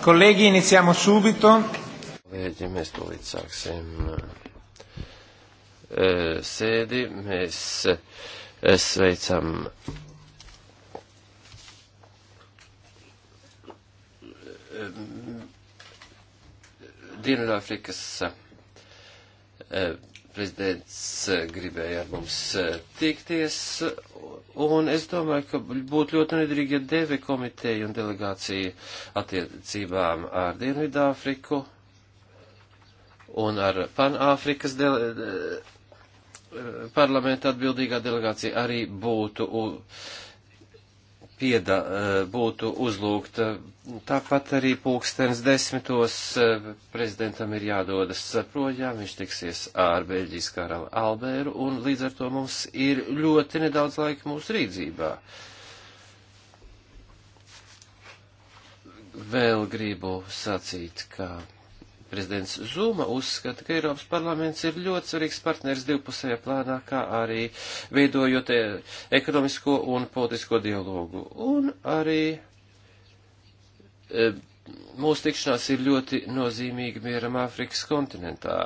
Kolēģi, iniciamo subito. Kolēģi, mēs to līdz sāksim eh, sēdi. Mēs eh, sveicam eh, Dienvidāfrikas prezidents eh, gribēja ar mums eh, tikties, un es domāju, ka būtu ļoti nedrīgi, ja Deve komiteja un delegācija attiecībām ar Dienvidāfriku un ar Panāfrikas dele eh, parlamenta atbildīgā delegācija arī būtu pieda, eh, būtu uzlūgta. Tāpat arī pulkstens desmitos eh, prezidentam ir jādodas projām, viņš tiksies ar Beļģijas karalu Albēru, un līdz ar to mums ir ļoti nedaudz laika mūsu rīdzībā. Vēl gribu sacīt, ka. Kā Prezidents Zuma uzskata, ka Eiropas parlaments ir ļoti svarīgs partners divpusējā plānā, kā arī veidojot e, ekonomisko un politisko dialogu. Un arī e, mūsu tikšanās ir ļoti nozīmīga mieram Āfrikas kontinentā.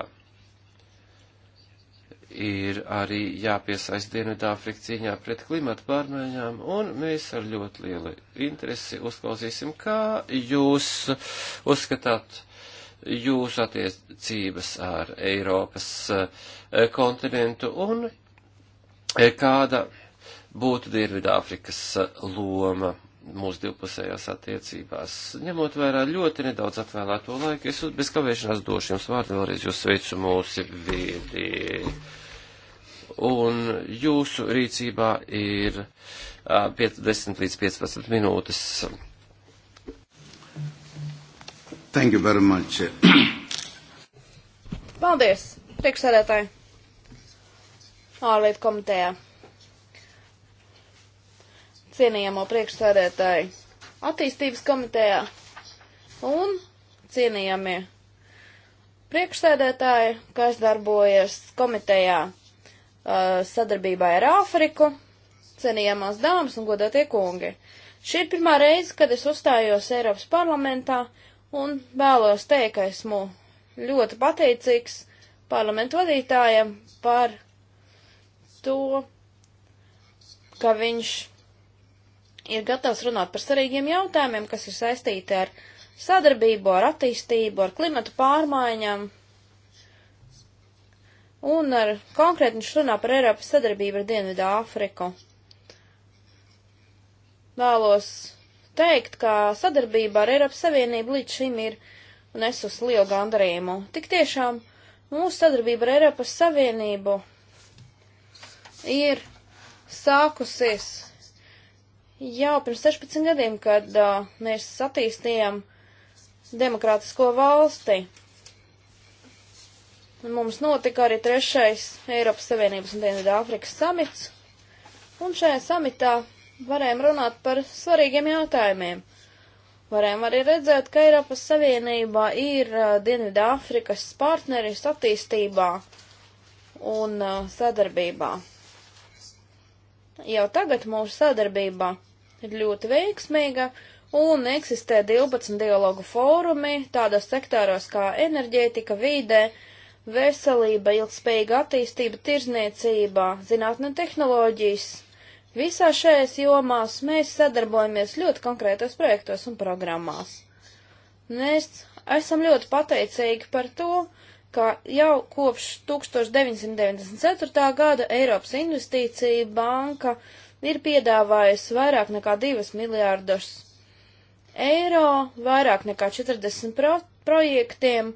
Ir arī jāpiesaist Dienvidāfrika cīņā pret klimatu pārmaiņām, un mēs ar ļoti lielu interesi uzklausīsim, kā jūs uzskatāt, jūsu attiecības ar Eiropas eh, kontinentu un eh, kāda būtu Dienvidāfrikas eh, loma mūsu divpusējās attiecībās. Ņemot vērā ļoti nedaudz atvēlēto laiku, es bez kavēšanās došu jums vārdu vēlreiz, jūs sveicu mūsu vidi. Un jūsu rīcībā ir 10 līdz 15 minūtes Thank you very much. Paldies, priekšsēdētāji, ārlietu komitejā. Cienījamo priekšsēdētāji attīstības komitejā un cienījamie priekšsēdētāji, kas darbojas komitejā uh, sadarbībā ar Āfriku, cienījamās dāmas un godātie kungi. Šī ir pirmā reize, kad es uzstājos Eiropas parlamentā un vēlos teikt, ka esmu ļoti pateicīgs parlamentu vadītājiem par to, ka viņš ir gatavs runāt par svarīgiem jautājumiem, kas ir saistīti ar sadarbību, ar attīstību, ar klimatu pārmaiņām. Un ar konkrēti viņš runā par Eiropas sadarbību ar Dienvidu Āfriku. Vēlos teikt, ka sadarbība ar Eiropas Savienību līdz šim ir nesus lielu gandarījumu. Tik tiešām mūsu sadarbība ar Eiropas Savienību ir sākusies jau pirms 16 gadiem, kad uh, mēs attīstījām demokrātisko valsti. Un mums notika arī trešais Eiropas Savienības un Dienvidā Afrikas samits. Un šajā samitā varējām runāt par svarīgiem jautājumiem. Varējām arī redzēt, ka Eiropas Savienībā ir uh, Dienvidā Afrikas partneris attīstībā un uh, sadarbībā. Jau tagad mūsu sadarbība ir ļoti veiksmīga un eksistē 12 dialogu fórumi tādos sektāros kā enerģētika, vīdē, veselība, ilgspējīga attīstība, tirzniecība, zinātne tehnoloģijas, Visā šajās jomās mēs sadarbojamies ļoti konkrētos projektos un programmās. Mēs esam ļoti pateicīgi par to, ka jau kopš 1994. gada Eiropas Investīcija banka ir piedāvājusi vairāk nekā 2 miljārdus eiro, vairāk nekā 40 pro projektiem,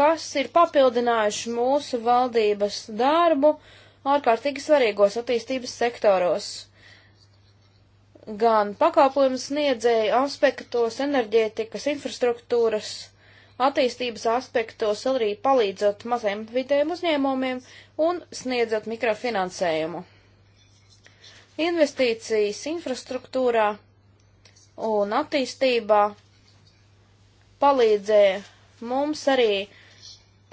kas ir papildinājuši mūsu valdības darbu ārkārtīgi svarīgos attīstības sektoros gan pakalpojumu sniedzēju aspektos, enerģētikas, infrastruktūras, attīstības aspektos, arī palīdzot maziem vidējiem uzņēmumiem un sniedzot mikrofinansējumu. Investīcijas infrastruktūrā un attīstībā palīdzēja mums arī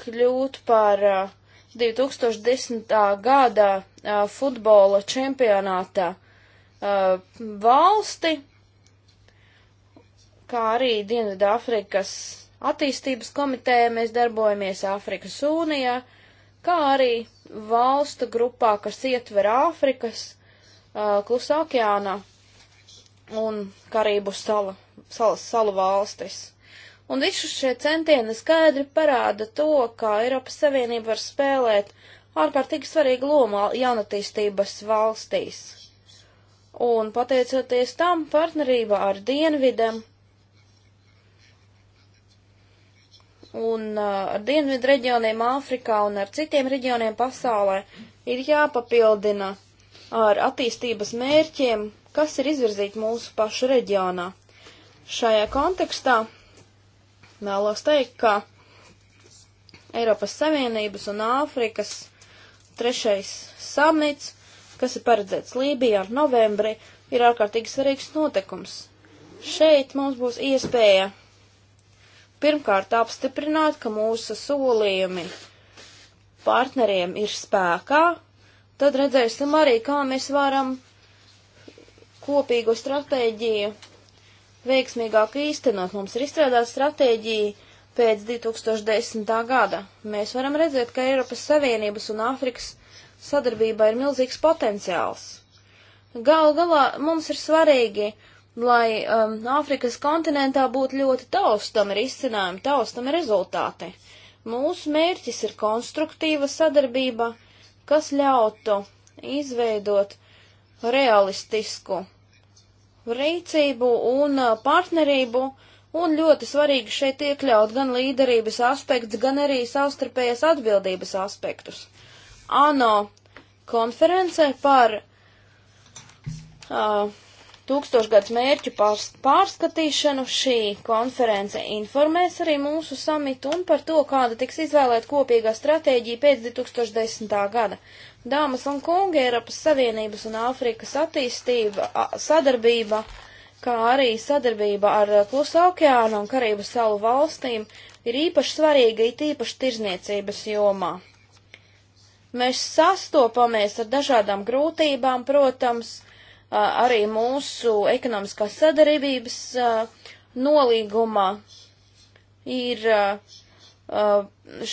kļūt par uh, 2010. gada uh, futbola čempionātā uh, uh, valsti, kā arī Dienvidāfrikas attīstības komitejā mēs darbojamies Āfrikas Unijā, kā arī valstu grupā, kas ietver Āfrikas uh, klusā okeānā un Karību sala, salas salu valstis. Un visu šie centieni skaidri parāda to, kā Eiropas Savienība var spēlēt ārkārtīgi svarīgu lomu jaunatīstības valstīs. Un pateicoties tam partnerība ar Dienvidam un uh, ar Dienvidu reģioniem Āfrikā un ar citiem reģioniem pasaulē ir jāpapildina ar attīstības mērķiem, kas ir izvirzīti mūsu pašu reģionā. Šajā kontekstā vēlos teikt, ka Eiropas Savienības un Āfrikas trešais samits kas ir paredzēts Lībijā novembrī, ir ārkārtīgi svarīgs notikums. Šeit mums būs iespēja pirmkārt apstiprināt, ka mūsu solījumi partneriem ir spēkā, tad redzēsim arī, kā mēs varam kopīgu stratēģiju veiksmīgāk īstenot. Mums ir izstrādāta stratēģija pēc 2010. gada. Mēs varam redzēt, ka Eiropas Savienības un Āfrikas sadarbībā ir milzīgs potenciāls. Gal galā mums ir svarīgi, lai um, Āfrikas kontinentā būtu ļoti taustam ir izcinājumi, taustam ir rezultāti. Mūsu mērķis ir konstruktīva sadarbība, kas ļautu izveidot realistisku rīcību un uh, partnerību, un ļoti svarīgi šeit iekļaut gan līderības aspekts, gan arī savstarpējas atbildības aspektus. ANO konferencē par uh, tūkstošgads mērķu pārskatīšanu. Šī konference informēs arī mūsu samitu un par to, kāda tiks izvēlēta kopīgā stratēģija pēc 2010. gada. Dāmas un kungi, Eiropas Savienības un Āfrikas attīstība, sadarbība, kā arī sadarbība ar Klusa okeānu un Karību salu valstīm ir īpaši svarīga, it īpaši tirzniecības jomā. Mēs sastopamies ar dažādām grūtībām, protams, arī mūsu ekonomiskās sadarbības nolīgumā ir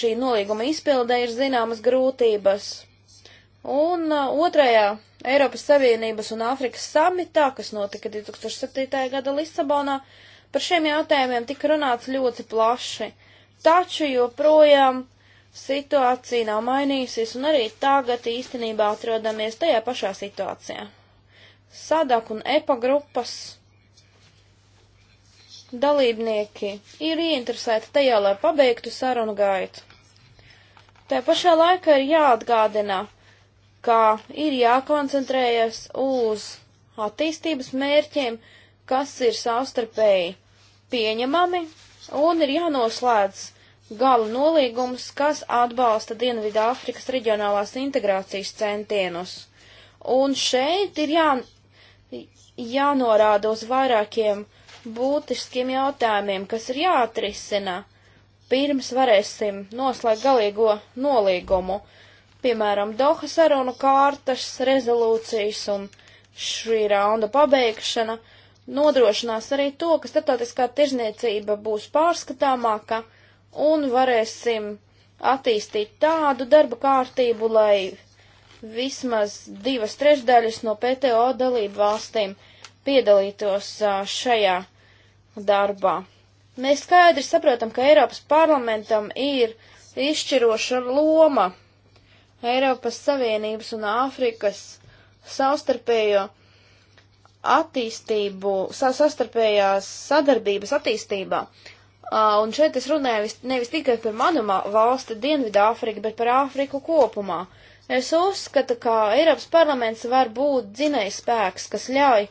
šī nolīguma izpildē ir zināmas grūtības. Un otrajā Eiropas Savienības un Āfrikas samitā, kas notika 2007. gada Lisabonā, par šiem jautājumiem tika runāts ļoti plaši. Taču joprojām Situācija nav mainījusies, un arī tagad īstenībā atrodamies tajā pašā situācijā. Sadak un EPA grupas dalībnieki ir ieinteresēti tajā, lai pabeigtu sarunu gaitu. Tā pašā laikā ir jāatgādina, ka ir jākoncentrējas uz attīstības mērķiem, kas ir savstarpēji pieņemami, un ir jānoslēdz gala nolīgums, kas atbalsta Dienvidu Āfrikas reģionālās integrācijas centienus. Un šeit ir jā, jānorāda uz vairākiem būtiskiem jautājumiem, kas ir jāatrisina, pirms varēsim noslēgt galīgo nolīgumu, piemēram, Doha sarunu kārtas, rezolūcijas un šī raunda pabeigšana nodrošinās arī to, ka starptautiskā tirzniecība būs pārskatāmāka un varēsim attīstīt tādu darba kārtību, lai vismaz divas trešdaļas no PTO dalību valstīm piedalītos šajā darbā. Mēs skaidri saprotam, ka Eiropas parlamentam ir izšķiroša loma Eiropas Savienības un Āfrikas savstarpējo attīstību, savstarpējās sadarbības attīstībā. Un šeit es runāju nevis tikai par manu valsti Dienvidāfriku, bet par Āfriku kopumā. Es uzskatu, ka Eiropas parlaments var būt dzinējs spēks, kas ļauj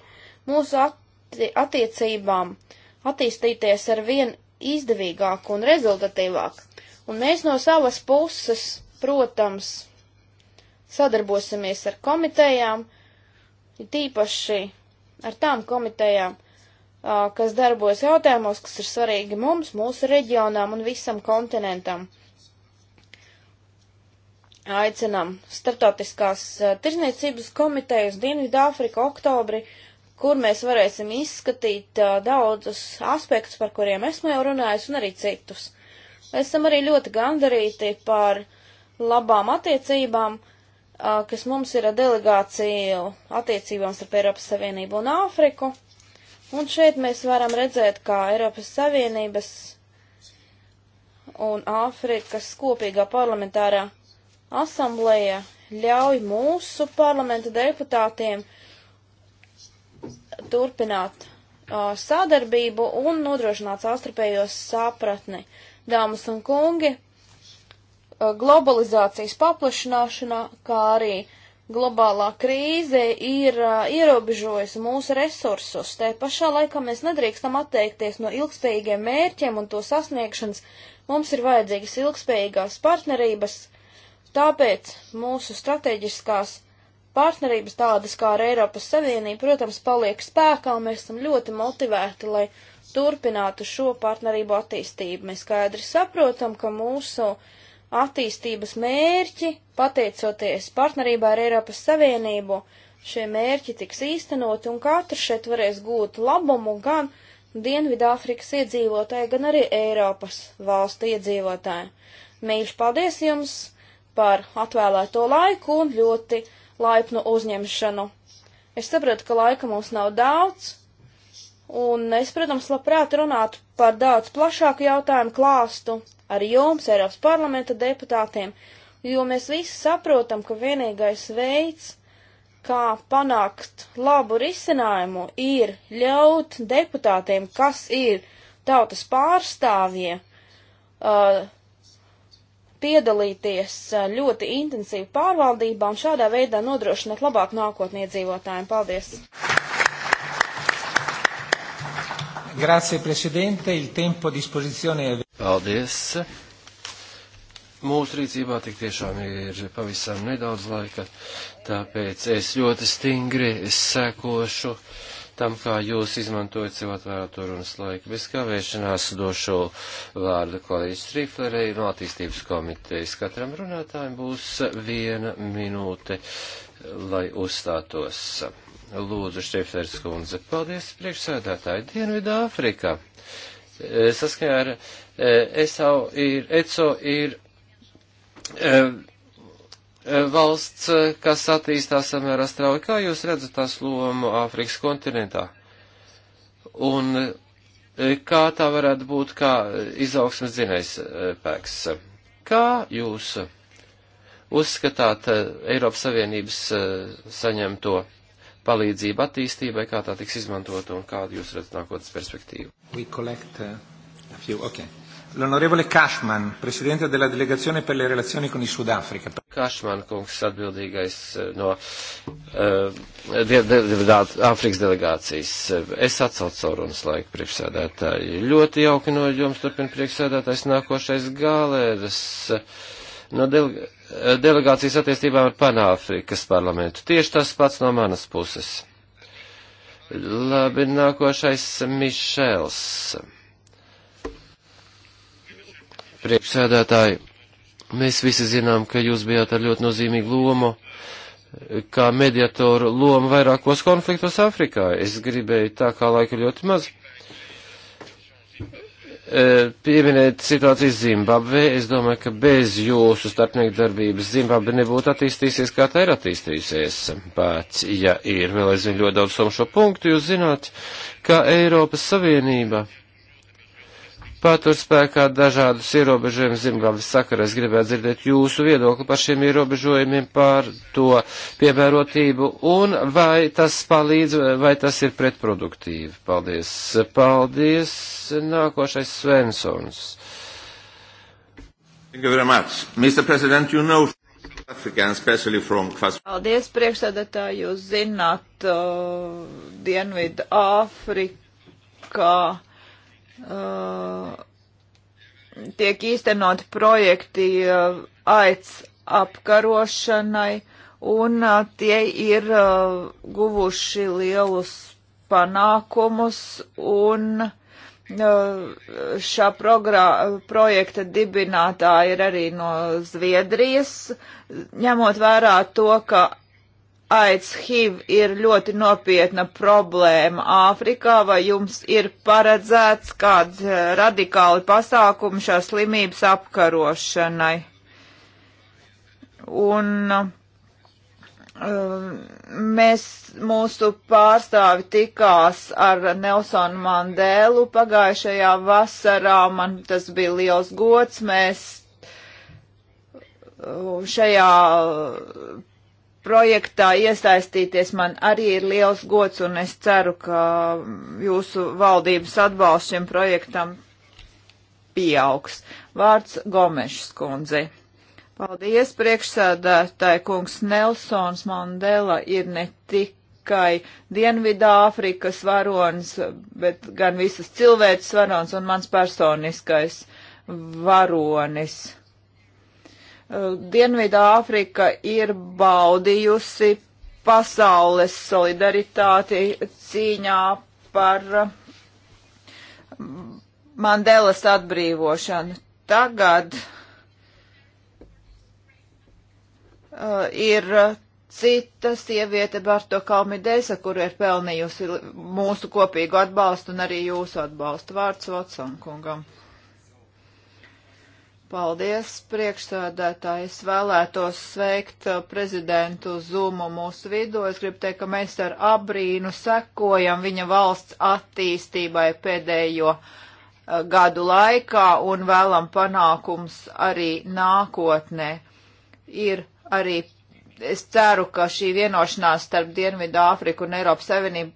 mūsu atti attiecībām attīstīties ar vien izdevīgāk un rezultatīvāk. Un mēs no savas puses, protams, sadarbosimies ar komitejām, tīpaši ar tām komitejām, kas darbojas jautājumos, kas ir svarīgi mums, mūsu reģionām un visam kontinentam. Aicinām Startautiskās tirzniecības komitejas Dienvidāfrika oktobri, kur mēs varēsim izskatīt uh, daudzus aspektus, par kuriem esmu jau runājis, un arī citus. Esam arī ļoti gandarīti par labām attiecībām, uh, kas mums ir delegācija attiecībām starp Eiropas Savienību un Āfriku. Un šeit mēs varam redzēt, kā Eiropas Savienības un Āfrikas kopīgā parlamentārā asamblēja ļauj mūsu parlamenta deputātiem turpināt uh, sadarbību un nodrošināt sastarpējos sapratni. Dāmas un kungi, uh, globalizācijas paplašināšanā, kā arī uh, globālā krīze ir uh, ierobežojusi mūsu resursus. Te pašā laikā mēs nedrīkstam atteikties no ilgspējīgiem mērķiem un to sasniegšanas. Mums ir vajadzīgas ilgspējīgās partnerības, tāpēc mūsu strateģiskās partnerības tādas kā ar Eiropas Savienību, protams, paliek spēkā un mēs esam ļoti motivēti, lai turpinātu šo partnerību attīstību. Mēs skaidri saprotam, ka mūsu uh, attīstības mērķi, pateicoties partnerībā ar Eiropas Savienību, šie mērķi tiks īstenoti un katrs šeit varēs gūt labumu gan Dienvidāfrikas iedzīvotāji, gan arī Eiropas valstu iedzīvotāji. Mīļš paldies jums par atvēlēto laiku un ļoti laipnu uzņemšanu. Es saprotu, ka laika mums nav daudz, un es, protams, labprāt runātu par daudz plašāku jautājumu klāstu ar jums, Eiropas parlamenta deputātiem, jo mēs visi saprotam, ka vienīgais veids, kā panākt labu risinājumu, ir ļaut deputātiem, kas ir tautas pārstāvie, uh, piedalīties uh, ļoti intensīvi pārvaldībā un šādā veidā nodrošināt labāku nākotni iedzīvotājiem. Paldies! Grazie, Presidente. Il tempo a disposizione è... Paldies! Mūsu rīcībā tik tiešām ir pavisam nedaudz laika, tāpēc es ļoti stingri sekošu tam, kā jūs izmantojat sev atvērto runas laiku. Bez kavēšanās došu vārdu kolēģis Trīflerei no attīstības komitejas. Katram runātājam būs viena minūte, lai uzstātos. Lūdzu, Štrifleris kundze, paldies priekšsēdētāji Dienvidā Afrikā. Saskaņā ar Eh, ESO ir, ECO ir eh, eh, valsts, kas attīstās samērā strauji. Kā jūs redzat tās lomu Āfrikas kontinentā? Un kā tā varētu būt kā izaugsmes dzinējs pēks? Kā jūs uzskatāt Eiropas Savienības saņemto palīdzību attīstībai, kā tā tiks izmantota un kādu jūs redzat nākotnes perspektīvu? We collect, uh, a few, okay. L'onorevole Cashman, presidente della delegazione per le relazioni con il Sudafrica. Cashman kungs atbildīgais eh, no uh, de, de, de, Āfrikas delegācijas. Es atsaucu sarunas laiku priekšsēdētāji. Ļoti jauki no jums turpina priekšsēdētājs nākošais galēras eh, no dele, delegācijas attiecībām ar Panāfrikas parlamentu. Tieši tas pats no manas puses. Labi, nākošais Mišels priekšsēdētāji, mēs visi zinām, ka jūs bijāt ar ļoti nozīmīgu lomu kā mediatoru lomu vairākos konfliktos Afrikā. Es gribēju tā kā laika ļoti maz e, pieminēt situāciju Zimbabvē. Es domāju, ka bez jūsu starpnieku darbības Zimbabve nebūtu attīstīsies, kā tā ir attīstījusies. Pēc, ja ir vēl aizvien ļoti daudz somšo punktu, jūs zināt, ka Eiropas Savienība patur spēkā dažādus ierobežojumus Zimbabves sakarā. Es gribētu dzirdēt jūsu viedokli par šiem ierobežojumiem, par to piemērotību un vai tas palīdz, vai tas ir pretproduktīvi. Paldies. Paldies. Nākošais Svensons. Thank you very much. Mr. President, you know. Paldies, priekšsēdētāji, jūs zināt, uh, Dienvidu Āfrikā uh, tiek īstenot projekti uh, aids apkarošanai, un uh, tie ir uh, guvuši lielus panākumus, un uh, šā projekta dibinātāji ir arī no Zviedrijas, ņemot vērā to, ka AIDS HIV ir ļoti nopietna problēma Āfrikā, vai jums ir paredzēts kāds eh, radikāli pasākumi šā slimības apkarošanai? Un um, mēs, mūsu pārstāvi tikās ar Nelsonu Mandēlu pagājušajā vasarā, man tas bija liels gods, mēs uh, šajā projektā iesaistīties. Man arī ir liels gods un es ceru, ka jūsu valdības atbalsts šim projektam pieaugs. Vārds Gomešs kundzi. Paldies, priekšsēdētāji kungs Nelsons Mandela ir ne tikai Dienvidāfrikas varonis, bet gan visas cilvēces varonis un mans personiskais varonis. Dienvidā Āfrika ir baudījusi pasaules solidaritāti cīņā par mm, Mandelas atbrīvošanu. Tagad uh, ir cita sieviete Barto Kalmidesa, kur ir pelnījusi mūsu kopīgu atbalstu un arī jūsu atbalstu vārds Vatsankungam. Paldies, priekšsādātāji. Es vēlētos sveikt uh, prezidentu Zumu mūsu vidū. Es gribu teikt, ka mēs ar abrīnu sekojam viņa valsts attīstībai pēdējo uh, gadu laikā un vēlam panākums arī nākotnē. Ir arī es ceru, ka šī vienošanās starp Dienvidu Āfriku un Eiropas Savienību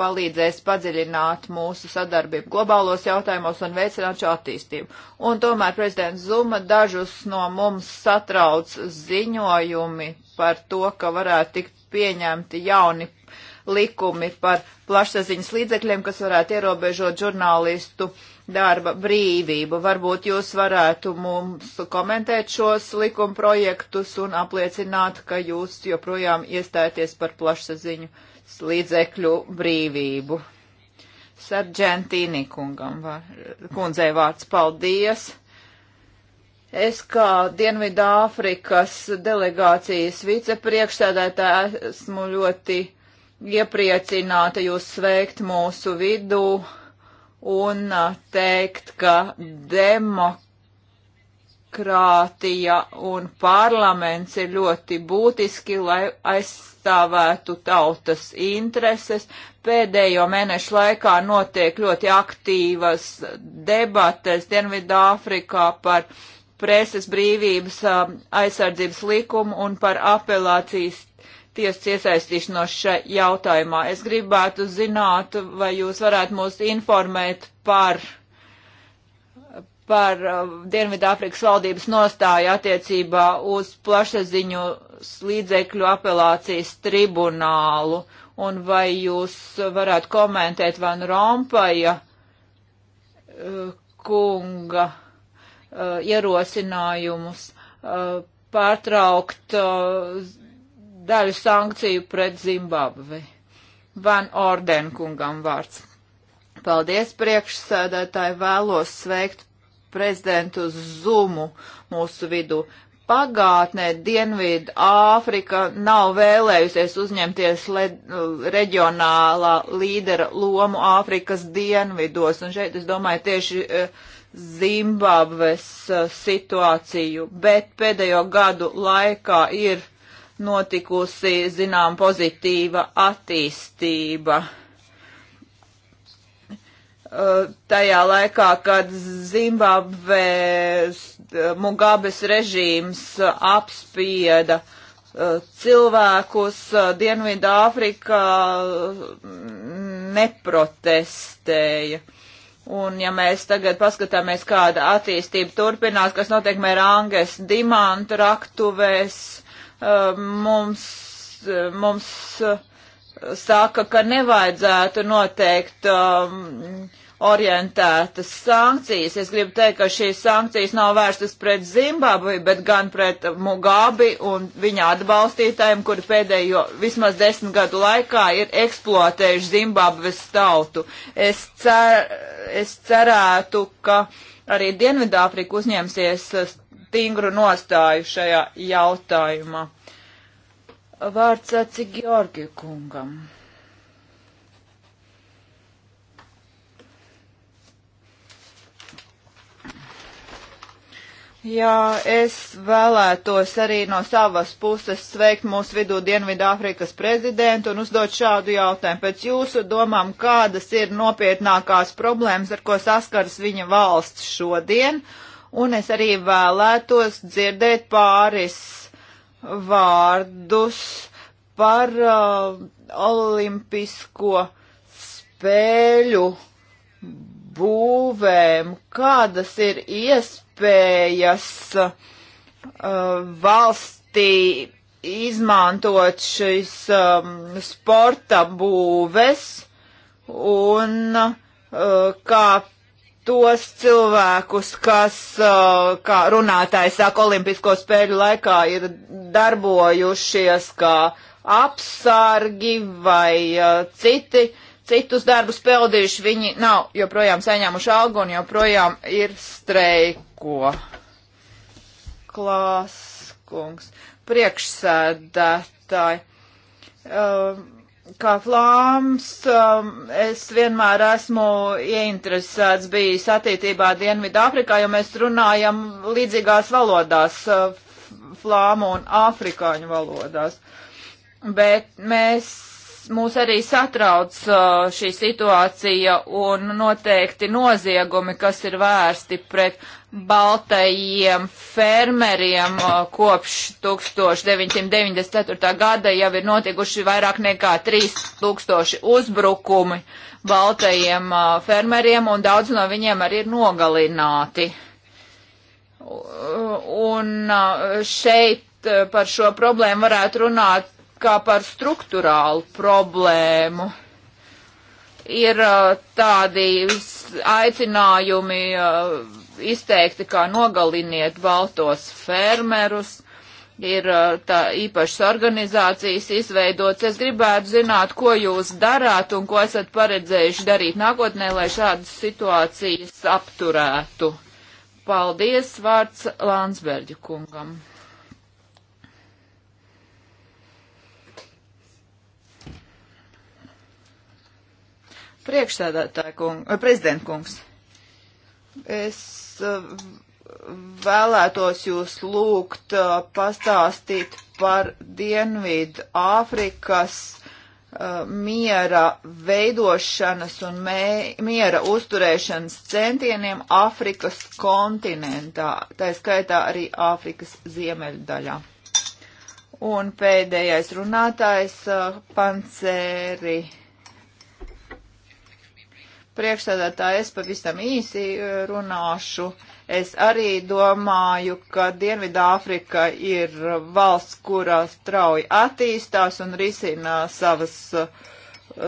palīdzēs padziļināt mūsu sadarbību globālos jautājumos un veicināt šo attīstību. Un tomēr prezidents Zuma dažus no mums satrauc ziņojumi par to, ka varētu tikt pieņemti jauni likumi par plašsaziņas līdzekļiem, kas varētu ierobežot žurnālistu darba brīvību. Varbūt jūs varētu mums komentēt šos likuma projektus un apliecināt, ka jūs joprojām iestājaties par plašsaziņu līdzekļu brīvību. Sargentīnī kungam, var, kundzei vārds paldies. Es kā Dienvidāfrikas delegācijas vicepriekšsēdētāja esmu ļoti iepriecināta jūs sveikt mūsu vidū un teikt, ka demokrātija demokrātija un parlaments ir ļoti būtiski, lai aizstāvētu tautas intereses. Pēdējo mēnešu laikā notiek ļoti aktīvas debates Dienvidāfrikā par preses brīvības um, aizsardzības likumu un par apelācijas tiesas iesaistīšanos šajā jautājumā. Es gribētu zināt, vai jūs varētu mūs informēt par par uh, Dienvidāfrikas valdības nostāju attiecībā uz plašsaziņu līdzekļu apelācijas tribunālu, un vai jūs varētu komentēt Van Rompaja uh, kunga uh, ierosinājumus pārtraukt daļu sankciju pret Zimbabvi. Van Orden kungam vārds. Paldies priekšsēdētāji, vēlos sveikt prezidentu Zumu mūsu vidu. Pagātnē Dienvidu Āfrika nav vēlējusies uzņemties le, reģionālā līdera lomu Āfrikas dienvidos, un šeit es domāju tieši eh, Zimbabves eh, situāciju, bet pēdējo gadu laikā ir notikusi, zinām, pozitīva attīstība. Uh, Uh, tajā laikā, kad Zimbabvē uh, Mugabes režīms uh, apspieda cilvēkus Dienvidā Afrikā mm, neprotestēja. Un ja mēs tagad paskatāmies, kāda attīstība turpinās, kas notiek Meranges dimantu raktuvēs, mums, mums saka, ka nevajadzētu noteikt um, orientētas sankcijas. Es gribu teikt, ka šīs sankcijas nav vērstas pret Zimbabvi, bet gan pret Mugabi un viņa atbalstītājiem, kuri pēdējo vismaz desmit gadu laikā ir eksploatējuši Zimbabves tautu. Es, cer, es cerētu, ka arī Dienvidāfrika uzņemsies stingru nostāju šajā jautājumā. Vārds atsik eh, Georgi kungam. Jā, es vēlētos arī no savas puses sveikt mūsu vidū Dienvidāfrikas prezidentu un uzdot šādu jautājumu. Pēc jūsu domām, kādas ir nopietnākās problēmas, ar ko saskars viņa valsts šodien? Un es arī vēlētos dzirdēt pāris vārdus par uh, olimpisko spēļu būvēm, kādas ir iespējas uh, valstī izmantot šīs um, sporta būves un uh, kā tos cilvēkus, kas, uh, kā runātājs saka, Olimpisko spēļu laikā ir darbojušies kā apsargi vai uh, citi, citus darbus peldījuši, viņi nav joprojām saņēmuši algu un joprojām ir streiko. Klāskungs, priekšsēdētāji. Um, kā flāms, um, es vienmēr esmu ieinteresēts bijis attīstībā Dienvidāfrikā, jo mēs runājam līdzīgās valodās, uh, flāmu un afrikāņu valodās. Bet mēs mūs arī satrauc uh, šī situācija un noteikti noziegumi, kas ir vērsti pret baltajiem fermeriem uh, kopš 1994. gada jau ir notikuši vairāk nekā 3000 uzbrukumi baltajiem uh, fermeriem un daudz no viņiem arī ir nogalināti. Un uh, šeit uh, par šo problēmu varētu runāt kā par struktūrālu problēmu. Ir uh, tādi aicinājumi uh, izteikti, kā nogaliniet baltos fermerus, ir uh, tā īpašas organizācijas izveidots. Es gribētu zināt, ko jūs darāt un ko esat paredzējuši darīt nākotnē, lai šādas situācijas apturētu. Paldies, vārds Lānsberģa kungam. Priekšsēdētāja kungs, eh, prezident kungs, es eh, vēlētos jūs lūgt eh, pastāstīt par Dienvidu Āfrikas miera veidošanas un miera uzturēšanas centieniem Āfrikas kontinentā, tā skaitā arī Āfrikas ziemeļdaļā. Un pēdējais runātājs Pancēri. Uh, priekšsēdētāji, es pavisam īsi uh, runāšu. Es arī domāju, ka Dienvidāfrika ir valsts, kurā strauji attīstās un risina savas uh,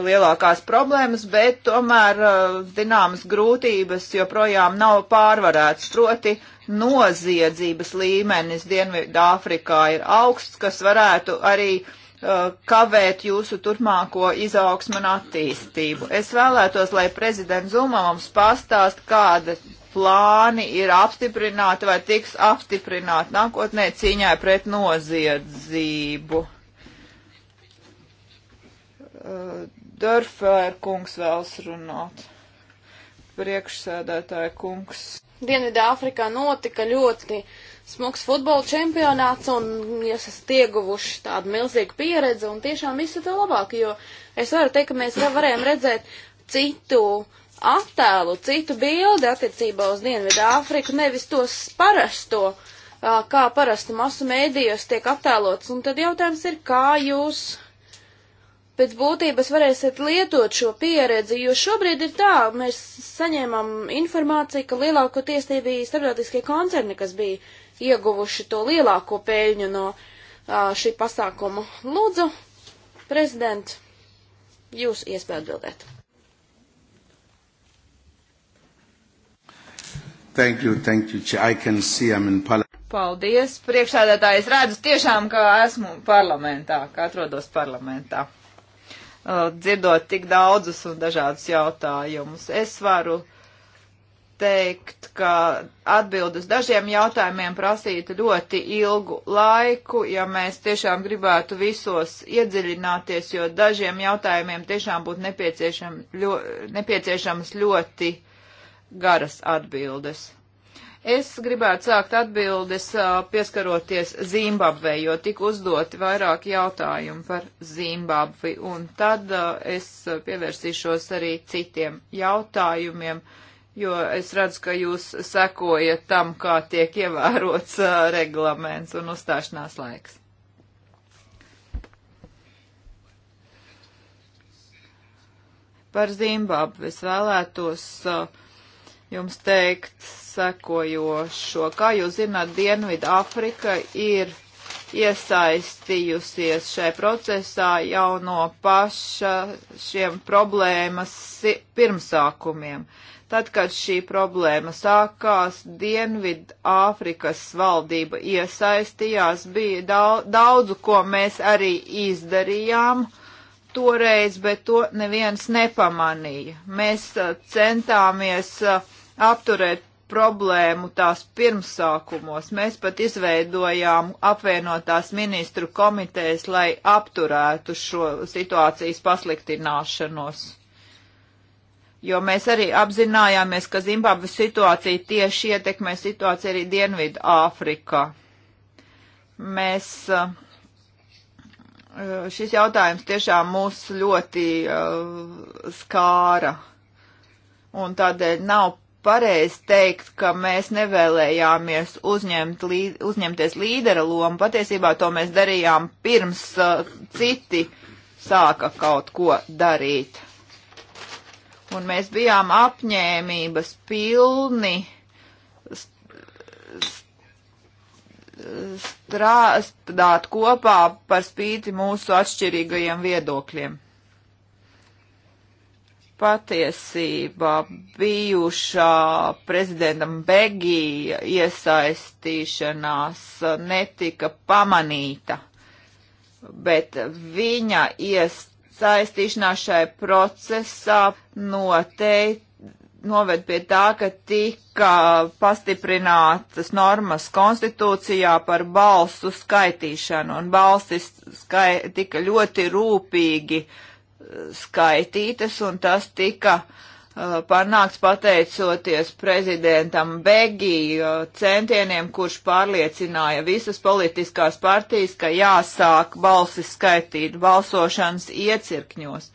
lielākās problēmas, bet tomēr uh, zināmas grūtības joprojām nav pārvarētas. Proti noziedzības līmenis Dienvidāfrikā ir augsts, kas varētu arī uh, Uh, kavēt jūsu turpmāko izaugsmu un attīstību. Es vēlētos, lai prezidents Zuma mums pastāst, kāda plāni ir apstiprināti vai tiks apstiprināti nākotnē cīņā pret noziedzību. Uh, Dörfēr kungs vēlas runāt. Priekšsēdētāja kungs. Dienvidāfrikā notika ļoti smags futbola čempionāts, un jūs esat ieguvuši tādu milzīgu pieredzi, un tiešām visi te labāki, jo es varu teikt, ka mēs varējām redzēt citu attēlu, citu bildi attiecībā uz Dienvidāfriku, nevis tos parasto, kā parasti masu mēdījos tiek attēlots, un tad jautājums ir, kā jūs pēc būtības varēsiet lietot šo pieredzi, jo šobrīd ir tā, mēs saņēmām informāciju, ka lielākoties tie bija starptautiskie koncerni, kas bija ieguvuši to lielāko pēļņu no uh, šī pasākuma. Lūdzu, prezident, jūs iespēja atbildēt. Thank you, thank you. I can see I'm in parliament. Paldies, priekšsēdētāji. Es redzu tiešām, ka esmu parlamentā, ka atrodos parlamentā. Uh, dzirdot tik daudzus un dažādus jautājumus. Es varu teikt, ka atbildes dažiem jautājumiem prasītu ļoti ilgu laiku, ja mēs tiešām gribētu visos iedziļināties, jo dažiem jautājumiem tiešām būtu nepieciešam, ļo, nepieciešamas ļoti garas atbildes. Es gribētu sākt atbildes pieskaroties Zimbabvei, jo tika uzdoti vairāki jautājumi par Zimbabvi, un tad es pievērsīšos arī citiem jautājumiem, jo es redzu, ka jūs sekojat tam, kā tiek ievērots reglaments un uzstāšanās laiks. Par Zimbabvi es vēlētos uh, jums teikt sekojošo. Kā jūs zināt, Dienvidu Afrika ir iesaistījusies šai procesā jau no paša šiem problēmas pirmsākumiem. Tad, kad šī problēma sākās, Dienvidu Āfrikas valdība iesaistījās, bija daudz, daudzu, ko mēs arī izdarījām toreiz, bet to neviens nepamanīja. Mēs uh, centāmies uh, apturēt problēmu tās pirmsākumos. Mēs pat izveidojām apvienotās ministru komitejas, lai apturētu šo situācijas pasliktināšanos. Jo mēs arī apzinājāmies, ka Zimbabves situācija tieši ietekmē situāciju arī Dienvidu Āfrikā. Mēs, eh, šis jautājums tiešām mūs ļoti eh, skāra. Un tādēļ nav pareizi teikt, ka mēs nevēlējāmies uzņemt, līd, uzņemties līdera lomu. Patiesībā to mēs darījām pirms uh, citi sāka kaut ko darīt. Un mēs bijām apņēmības pilni strādāt kopā par spīti mūsu atšķirīgajiem viedokļiem patiesībā bijušā prezidentam Begija iesaistīšanās netika pamanīta, bet viņa iesaistīšanās šai procesā noteikti noved pie tā, ka tika pastiprinātas normas konstitūcijā par balsu skaitīšanu, un balsis skai, tika ļoti rūpīgi uh, skaitītas, un tas tika uh, panāks pateicoties prezidentam Begī uh, centieniem, kurš pārliecināja visas politiskās partijas, ka jāsāk balsis skaitīt balsošanas iecirkņos.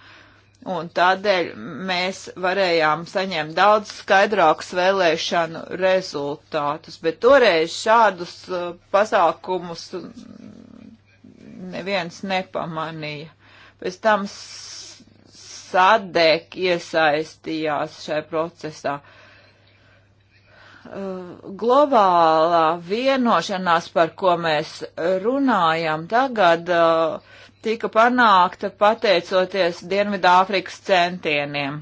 Un tādēļ mēs varējām saņemt daudz skaidrākus vēlēšanu rezultātus, bet toreiz šādus uh, pasākumus neviens nepamanīja. Pēc tam Sadek iesaistījās šai procesā. Uh, globālā vienošanās, par ko mēs runājam tagad, uh, tika panākta pateicoties Dienvidāfrikas centieniem.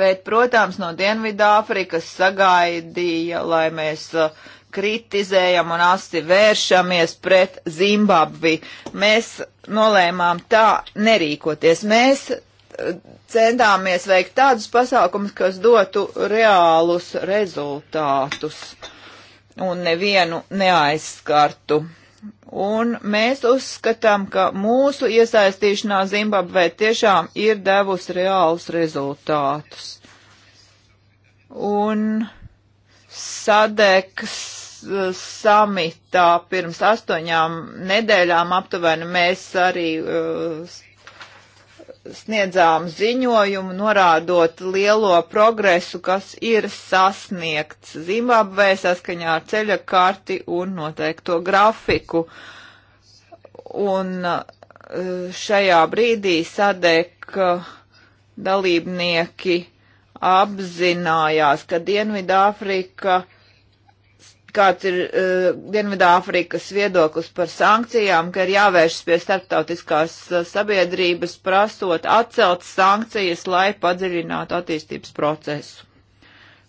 Bet, protams, no Dienvidāfrikas sagaidīja, lai mēs uh, kritizējam un asti vēršamies pret Zimbabvi. Mēs nolēmām tā nerīkoties. Mēs eh, centāmies veikt tādus pasākumus, kas dotu reālus rezultātus un nevienu neaizskartu. Un mēs uzskatām, ka mūsu iesaistīšanās Zimbabvē tiešām ir devusi reālus rezultātus. Un sadeks Eh, samitā pirms astoņām nedēļām aptuveni mēs arī eh, sniedzām ziņojumu, norādot lielo progresu, kas ir sasniegts Zimbabvē saskaņā ar ceļa karti un noteikto grafiku. Un eh, šajā brīdī sadek dalībnieki apzinājās, ka Dienvidāfrika Afrika kāds ir uh, Dienvidāfrikas viedoklis par sankcijām, ka ir jāvēršas pie starptautiskās uh, sabiedrības prasot atcelt sankcijas, lai padziļinātu attīstības procesu.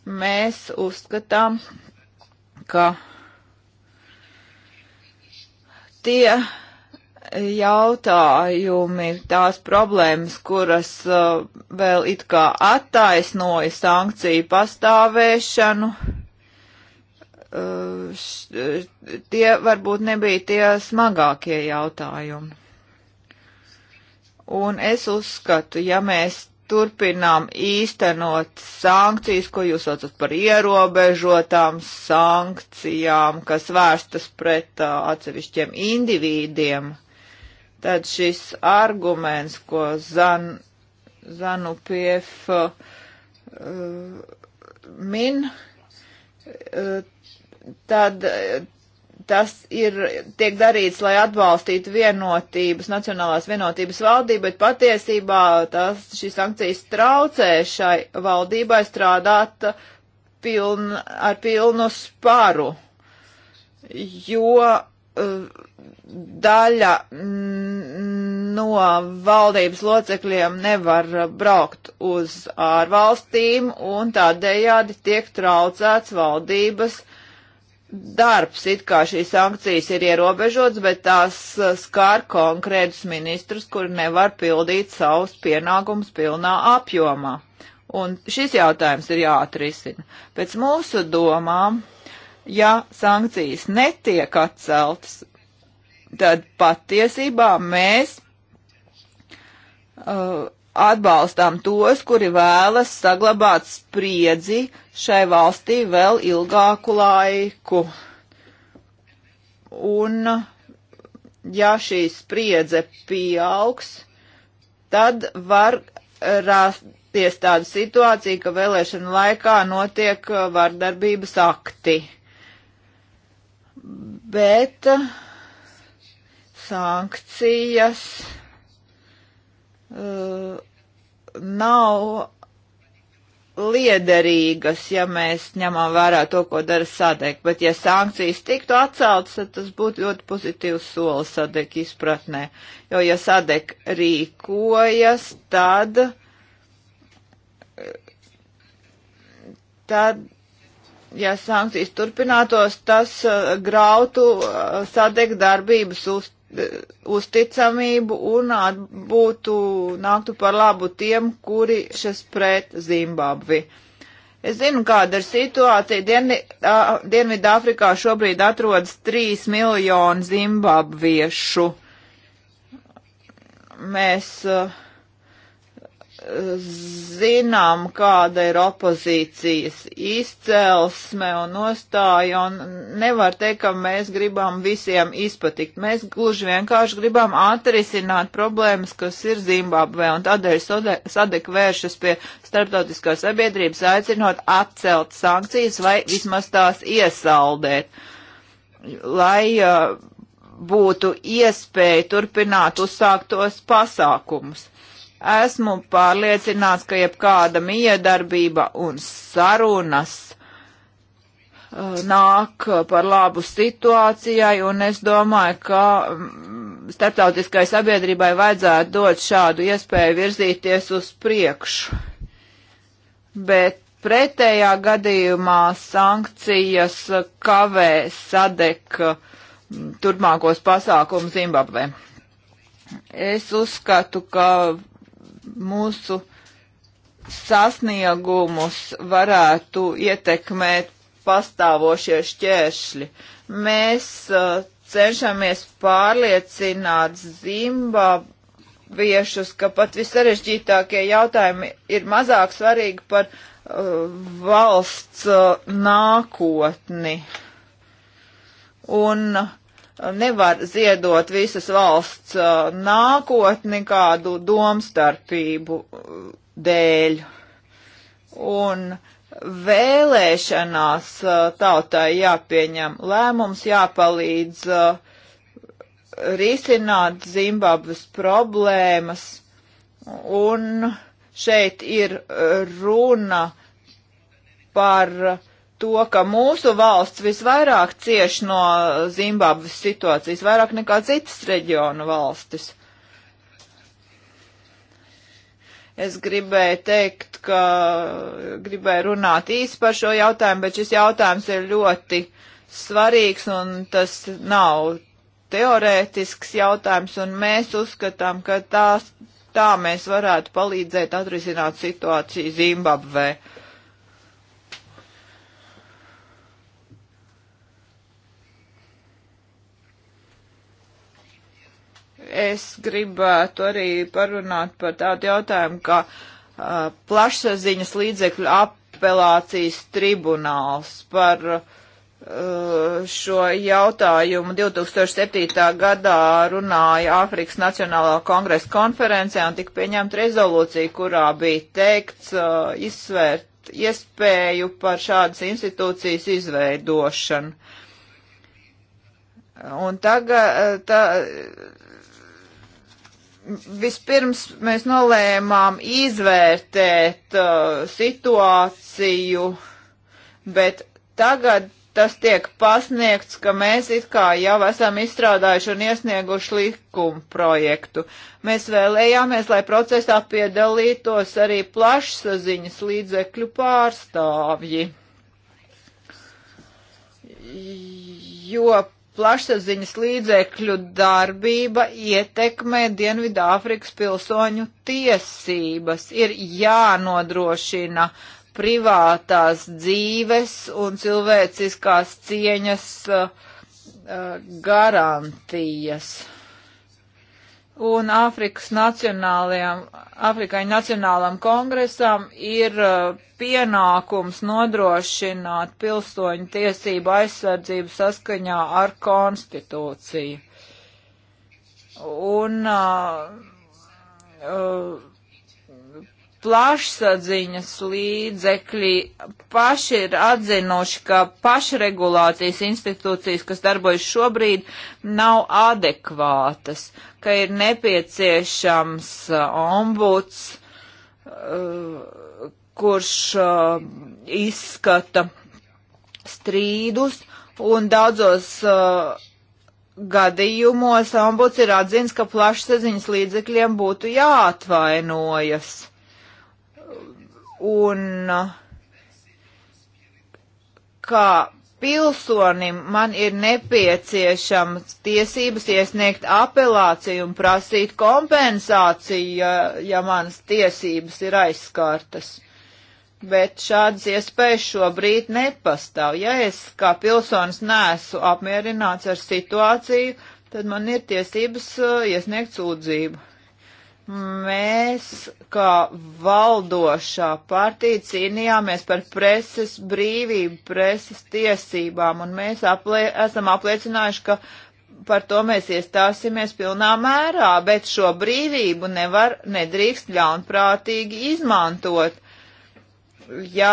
Mēs uzskatām, ka tie jautājumi, tās problēmas, kuras uh, vēl it kā attaisnoja sankciju pastāvēšanu, Eh, eh, tie varbūt nebija tie smagākie jautājumi. Un es uzskatu, ja mēs turpinām īstenot sankcijas, ko jūs saucat par ierobežotām sankcijām, kas vērstas pret uh, atsevišķiem indivīdiem, tad šis arguments, ko Zan, Zanu Pief uh, min, uh, tad eh, tas ir, tiek darīts, lai atbalstītu vienotības, nacionālās vienotības valdību, bet patiesībā tas, šīs sankcijas traucē šai valdībai strādāt piln, ar pilnu sparu, jo eh, daļa no valdības locekļiem nevar braukt uz ārvalstīm un tādējādi tiek traucēts valdības darbs, it kā šīs sankcijas ir ierobežotas, bet tās uh, skār konkrētus ministrus, kuri nevar pildīt savus pienākumus pilnā apjomā. Un šis jautājums ir jāatrisina. Pēc mūsu domām, ja sankcijas netiek atceltas, tad patiesībā mēs uh, atbalstām tos, kuri vēlas saglabāt spriedzi šai valstī vēl ilgāku laiku. Un ja šī spriedze pieaugs, tad var rasties tāda situācija, ka vēlēšana laikā notiek uh, vardarbības akti. Bet uh, sankcijas Uh, nav liederīgas, ja mēs ņemam vērā to, ko dara sadek, bet ja sankcijas tiktu atceltas, tad tas būtu ļoti pozitīvs solis sadek izpratnē, jo ja sadek rīkojas, tad, tad, ja sankcijas turpinātos, tas uh, grautu uh, sadek darbības uzticību uzticamību un būtu nāktu par labu tiem, kuri šas pret Zimbabvi. Es zinu, kāda ir situācija. Dieni, Dienvidāfrikā šobrīd atrodas 3 miljoni zimbabviešu. Mēs uh, zinām, kāda ir opozīcijas izcelsme un nostāja, un nevar teikt, ka mēs gribam visiem izpatikt. Mēs gluži vienkārši gribam atrisināt problēmas, kas ir Zimbabvē, un tādēļ Sadek vēršas pie starptautiskās sabiedrības aicinot atcelt sankcijas vai vismaz tās iesaldēt, lai uh, būtu iespēja turpināt uzsāktos pasākumus Esmu pārliecināts, ka jebkāda miedarbība un sarunas uh, nāk par labu situācijai, un es domāju, ka mm, starptautiskai sabiedrībai vajadzētu dot šādu iespēju virzīties uz priekšu. Bet pretējā gadījumā sankcijas kavē sadek mm, turpmākos pasākumus Zimbabvē. Es uzskatu, ka mūsu sasniegumus varētu ietekmēt pastāvošie šķēršļi. Mēs uh, cenšamies pārliecināt Zimbabviešus, ka pat visarežģītākie jautājumi ir mazāk svarīgi par uh, valsts uh, nākotni. Un uh, nevar ziedot visas valsts uh, nākotni kādu domstarpību uh, dēļ. Un vēlēšanās uh, tautai jāpieņem lēmums, jāpalīdz risināt Zimbabves problēmas. Un šeit ir runa par uh, to, ka mūsu valsts visvairāk cieš no Zimbabves situācijas, vairāk nekā citas reģionu valstis. Es gribēju teikt, ka gribēju runāt īsi par šo jautājumu, bet šis jautājums ir ļoti svarīgs un tas nav teorētisks jautājums, un mēs uzskatām, ka tās, tā mēs varētu palīdzēt atrisināt situāciju Zimbabvē. Uh, es gribētu arī parunāt par tādu jautājumu, kā uh, plašsaziņas līdzekļu apelācijas tribunāls par uh, šo jautājumu 2007. gadā runāja Āfrikas Nacionālā kongresa konferencē un tika pieņemta rezolūcija, kurā bija teikts uh, izsvērt iespēju par šādas institūcijas izveidošanu. Un tagad tā, vispirms mēs nolēmām izvērtēt uh, situāciju, bet tagad tas tiek pasniegts, ka mēs it kā jau esam izstrādājuši un iesnieguši likumu projektu. Mēs vēlējāmies, lai procesā piedalītos arī plašsaziņas līdzekļu pārstāvji. Jo plašsaziņas līdzekļu darbība ietekmē Dienvidāfrikas pilsoņu tiesības. Ir jānodrošina privātās dzīves un cilvēciskās cieņas uh, uh garantijas un Āfrikas Nacionālajām, Āfrikai Nacionālām kongresam ir uh, pienākums nodrošināt pilsoņu tiesību aizsardzību saskaņā ar konstitūciju. Un uh, uh, plašsaziņas līdzekļi paši ir atzinuši, ka pašregulācijas institūcijas, kas darbojas šobrīd, nav adekvātas. Uh, ka ir nepieciešams uh, ombuds, uh, kurš uh, izskata strīdus, un daudzos gadījumos ombuds ir atzins, ka plašsaziņas līdzekļiem būtu jāatvainojas. Un kā pilsonim man ir nepieciešams tiesības iesniegt apelāciju un prasīt kompensāciju, ja, ja manas tiesības ir aizskārtas. Bet šādas iespējas šobrīd nepastāv. Ja es kā pilsonis neesmu apmierināts ar situāciju, tad man ir tiesības uh, iesniegt sūdzību. Mēs, kā valdošā partija, cīnījāmies par preses brīvību, preses tiesībām, un mēs aplie esam apliecinājuši, ka par to mēs iestāsimies pilnā mērā, bet šo brīvību nevar, nedrīkst ļaunprātīgi izmantot, ja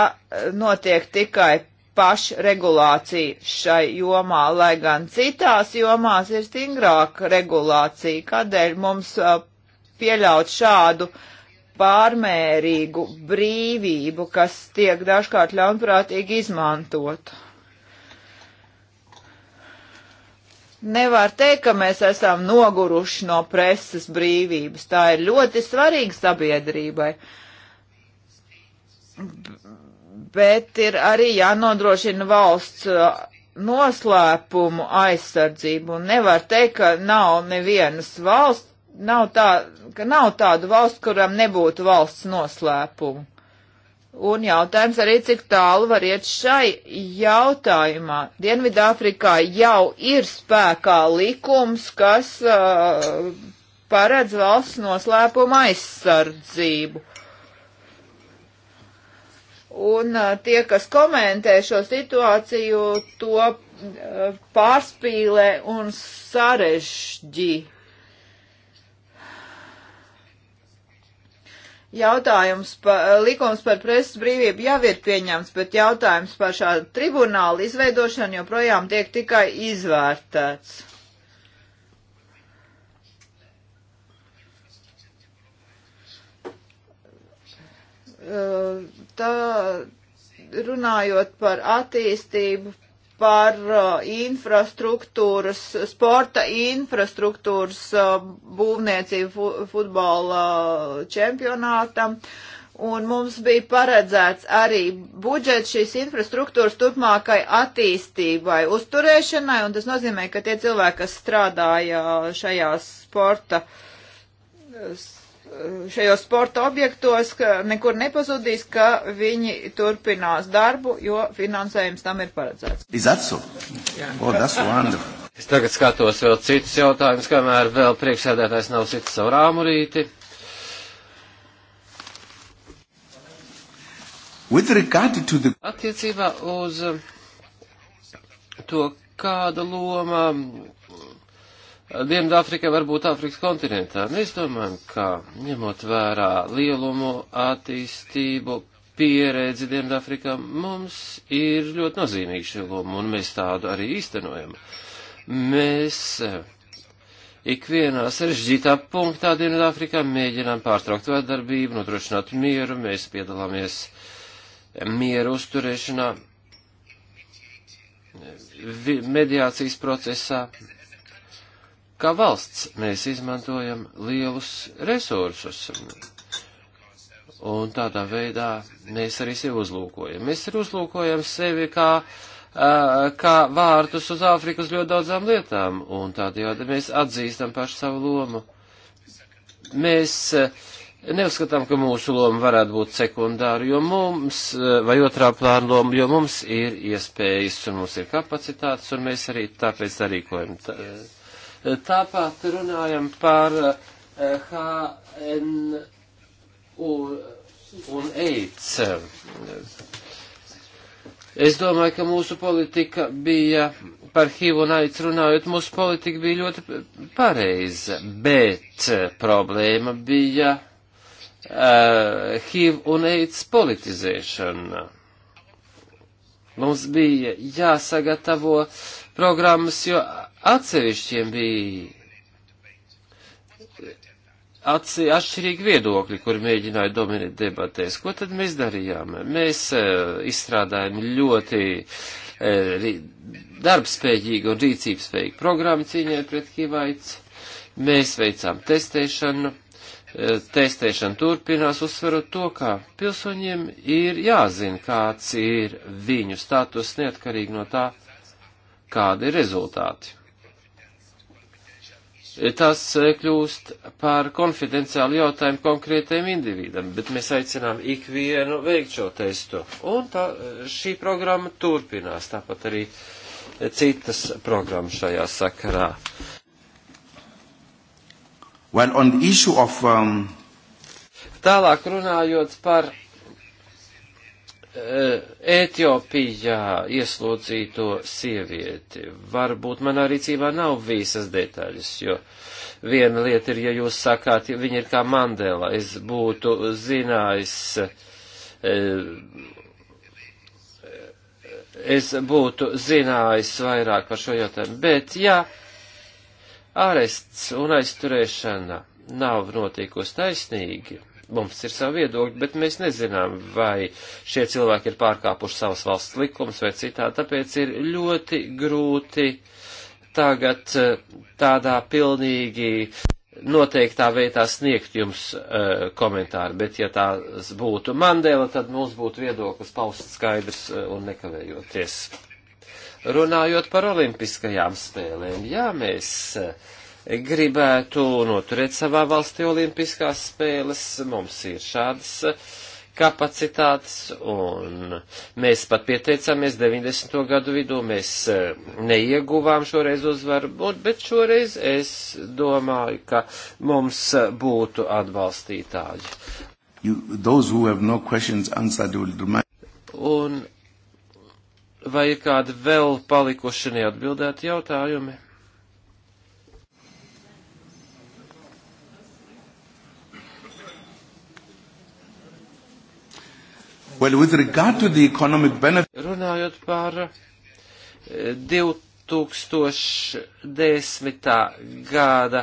notiek tikai pašregulācija šai jomā, lai gan citās jomās ir stingrāka regulācija, kādēļ mums uh, pieļaut šādu pārmērīgu brīvību, kas tiek dažkārt ļaunprātīgi izmantot. Nevar teikt, ka mēs esam noguruši no preses brīvības. Tā ir ļoti svarīga sabiedrībai. Bet ir arī jānodrošina valsts uh, noslēpumu aizsardzību. Un nevar teikt, ka nav nevienas valsts, nav tā, ka nav tādu valsts, kuram nebūtu valsts noslēpumu. Un jautājums arī, cik tālu var iet šai jautājumā. Dienvidāfrikā jau ir spēkā likums, kas uh, paredz valsts noslēpuma aizsardzību. Un uh, tie, kas komentē šo situāciju, to uh, pārspīlē un sarežģīja jautājums par eh, likums par presas brīvību jau ir pieņemts, bet jautājums par šādu tribunālu izveidošanu joprojām tiek tikai izvērtēts. Eh, tā runājot par attīstību, par uh, infrastruktūras, sporta infrastruktūras uh, būvniecību fu futbola uh, čempionātam. Un mums bija paredzēts arī budžets šīs infrastruktūras turpmākai attīstībai, uzturēšanai, un tas nozīmē, ka tie cilvēki, kas strādāja šajā sporta uh, šajos sporta objektos, ka nekur nepazudīs, ka viņi turpinās darbu, jo finansējums tam ir paredzēts. Izatsu. O, tas vandu. Es tagad skatos vēl citus jautājumus, kamēr vēl priekšsēdētājs nav cits savu rāmurīti. The... Attiecībā uz to, kāda loma Dienvidāfrika var būt Āfrikas kontinentā. Mēs domājam, ka ņemot vērā lielumu, attīstību, pieredzi Dienvidāfrikā, mums ir ļoti nozīmīgi šī loma, un mēs tādu arī īstenojam. Mēs eh, ikvienā sarežģītā punktā Dienvidāfrikā mēģinām pārtraukt vardarbību, nodrošināt mieru, mēs piedalāmies mieru uzturēšanā, mediācijas procesā, Kā valsts mēs izmantojam lielus resursus, un tādā veidā mēs arī sevi uzlūkojam. Mēs arī uzlūkojam sevi kā, kā vārtus uz Āfrikas ļoti daudzām lietām, un tādējādi mēs atzīstam pašu savu lomu. Mēs neuzskatām, ka mūsu loma varētu būt sekundāra, jo mums, vai otrā plāna loma, jo mums ir iespējas un mums ir kapacitātes, un mēs arī tāpēc arī kojam. Tā, Tāpat runājam par HN eh, un AIDS. Es domāju, ka mūsu politika bija par HIV un AIDS runājot, mūsu politika bija ļoti pareiza, bet eh, problēma bija uh, eh, HIV un AIDS politizēšana. Mums bija jāsagatavo programmas, jo Atsevišķiem bija atse, atšķirīgi viedokļi, kur mēģināja dominēt debatēs. Ko tad mēs darījām? Mēs eh, izstrādājam ļoti eh, darbspējīgu un rīcībspējīgu programmu cīņai pret hivaits. Mēs veicām testēšanu. Eh, testēšana turpinās, uzsverot to, ka pilsoņiem ir jāzina, kāds ir viņu status, neatkarīgi no tā, kādi ir rezultāti tas e, kļūst par konfidenciālu jautājumu konkrētajam individam, bet mēs aicinām ikvienu veikt šo testu. Un tā, e, šī programma turpinās, tāpat arī e, citas programmas šajā sakarā. Well, on the issue of, um... Tālāk runājot par Ētiopijā eh, ieslodzīto sievieti. Varbūt manā rīcībā nav visas detaļas, jo viena lieta ir, ja jūs sakāt, ja viņa ir kā Mandela, es būtu zinājis, eh, es būtu zinājis vairāk par šo jautājumu, bet jā, arests un aizturēšana nav notikusi taisnīgi mums ir savi viedokļi, bet mēs nezinām, vai šie cilvēki ir pārkāpuši savas valsts likumus vai citā, tāpēc ir ļoti grūti tagad eh, tādā pilnīgi noteiktā veidā sniegt jums uh, komentāru, bet ja tās būtu Mandela, tad mums būtu viedoklis pausts skaidrs uh, un nekavējoties. Runājot par olimpiskajām spēlēm, jā, mēs uh, gribētu noturēt savā valstī olimpiskās spēles. Mums ir šādas kapacitātes, un mēs pat pieteicāmies 90. gadu vidū, mēs eh, neieguvām šoreiz uzvaru, bet šoreiz es domāju, ka mums būtu atbalstītāji. You, no answered, un vai ir kādi vēl palikuši neatbildēti jautājumi? Well, with regard to the economic benefit... Runājot par 2010. Eh, gada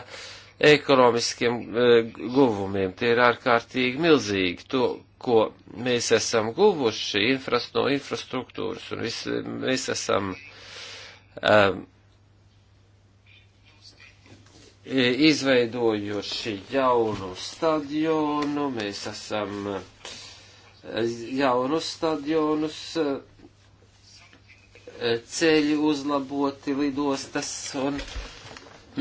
ekonomiskiem eh, guvumiem, tie ir ārkārtīgi milzīgi. To, ko mēs esam guvuši infras, no infrastruktūras, un vis, mēs esam um, izveidojuši jaunu stadionu, mēs esam uh, jaunus stadionus, ceļi uzlaboti, lidostas, un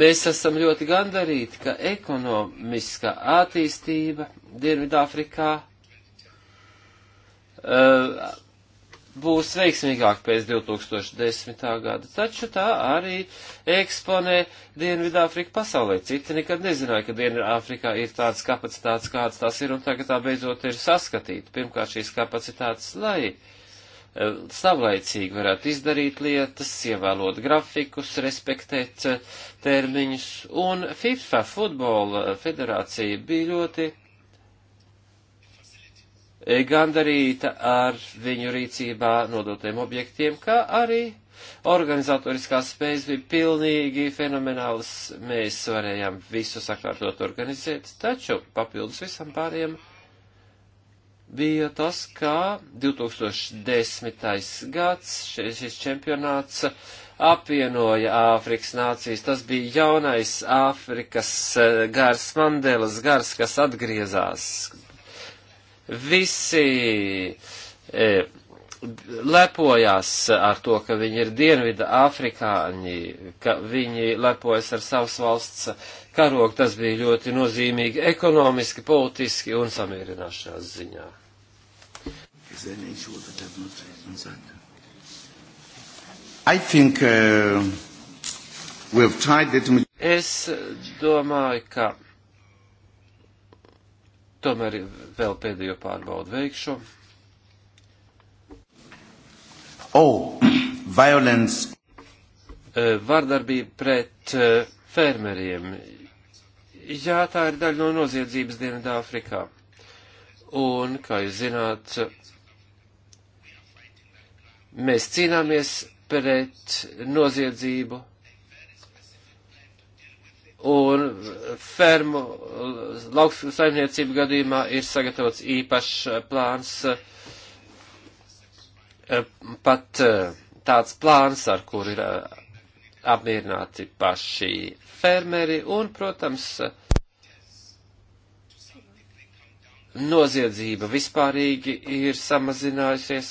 mēs esam ļoti gandarīti, ka ekonomiskā attīstība Dienvidāfrikā uh, būs veiksmīgāk pēc 2010. gada, taču tā arī eksponē Dienvidāfriku pasaulē. Citi nekad nezināja, ka Dienvidāfrikā ir tādas kapacitātes, kādas tās ir, un tagad tā beidzot ir saskatīta. Pirmkārt, šīs kapacitātes, lai eh, savlaicīgi varētu izdarīt lietas, ievēlot grafikus, respektēt eh, termiņus, un FIFA futbola federācija bija ļoti E, gandarīta ar viņu rīcībā nodotiem objektiem, kā arī organizatoriskās spējas bija pilnīgi fenomenālas. Mēs varējām visu sakārtot organizēt, taču papildus visam pārējiem bija tas, kā 2010. gads šis čempionāts apvienoja Āfrikas nācijas. Tas bija jaunais Āfrikas eh, gars, Mandelas gars, kas atgriezās Visi e, lepojās ar to, ka viņi ir Dienvida afrikāņi, ka viņi lepojas ar savas valsts karogu. Tas bija ļoti nozīmīgi ekonomiski, politiski un samierināšanās ziņā. I think uh, we've tried it. Es domāju, ka Tomēr vēl pēdējo pārbaudu veikšu. Oh, violence. Eh, vardarbība pret eh, fermeriem. Jā, tā ir daļa no noziedzības Dienvidāfrikā. Un, kā jūs zināt, mēs cīnāmies pret noziedzību un fermu lauksaimniecību gadījumā ir sagatavots īpašs eh, plāns, eh, pat eh, tāds plāns, ar kur ir apmierināti paši fermeri un, protams, noziedzība vispārīgi ir samazinājusies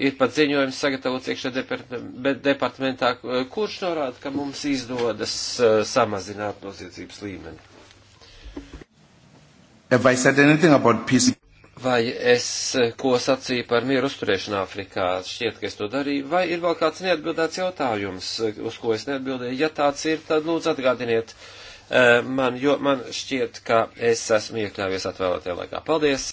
ir pat ziņojums sagatavots iekšā departamentā, eh, kurš norāda, ka mums izdodas eh, samazināt noziedzības līmeni. Vai es eh, ko sacīju par mieru uzturēšanu Āfrikā? Šķiet, ka es to darīju. Vai ir vēl kāds neatbildēts jautājums, uz ko es neatbildēju? Ja tāds ir, tad lūdzu atgādiniet man, jo man šķiet, ka es esmu iekļāvies atvēlētajā laikā. Paldies!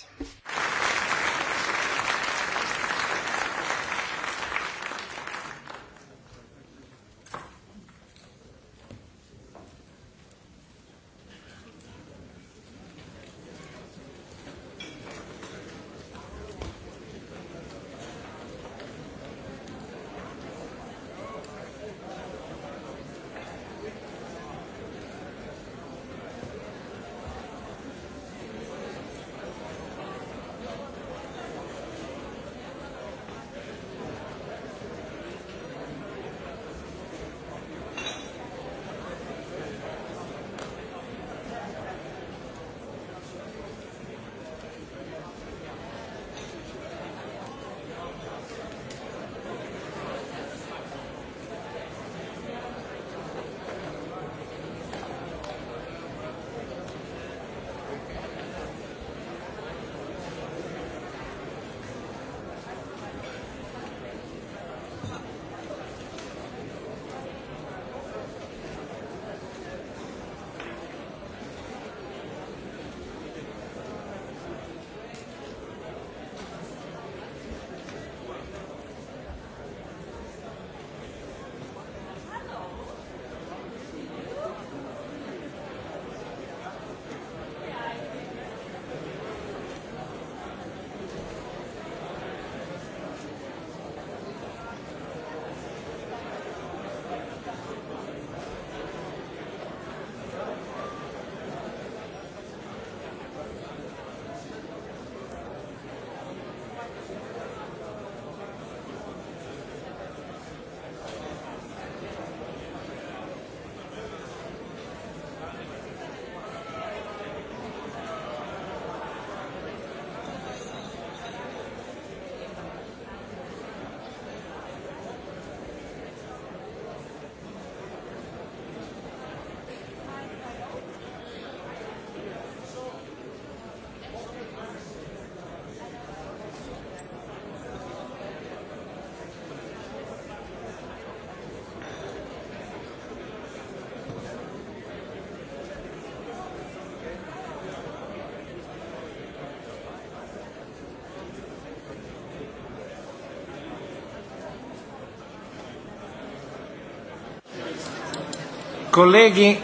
Colleghi,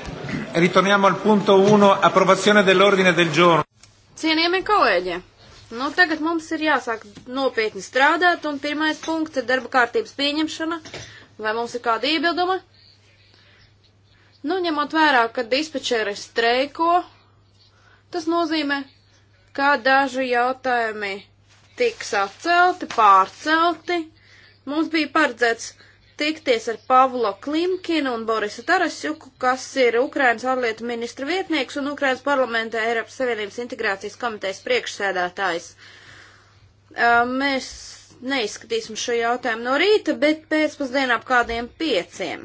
ritorniamo al punto 1, approvazione dell'ordine del giorno. Cienījamie kolēģi, nu tagad mums ir jāsāk nopietni strādāt, un pirmais punkts ir darba kārtības pieņemšana. Vai mums ir kāda iebilduma? Nu, ņemot vērā, ka dispečeri streiko, tas nozīmē, ka daži jautājumi tiks atcelti, pārcelti. Mums bija paredzēts tikties ar Pavlo Klimkinu un Borisu Tarasjuku, kas ir Ukrainas ārlietu ministra vietnieks un Ukrainas parlamentā Eiropas Savienības integrācijas komitejas priekšsēdētājs. Mēs neizskatīsim šo jautājumu no rīta, bet pēcpusdienā ap kādiem pieciem.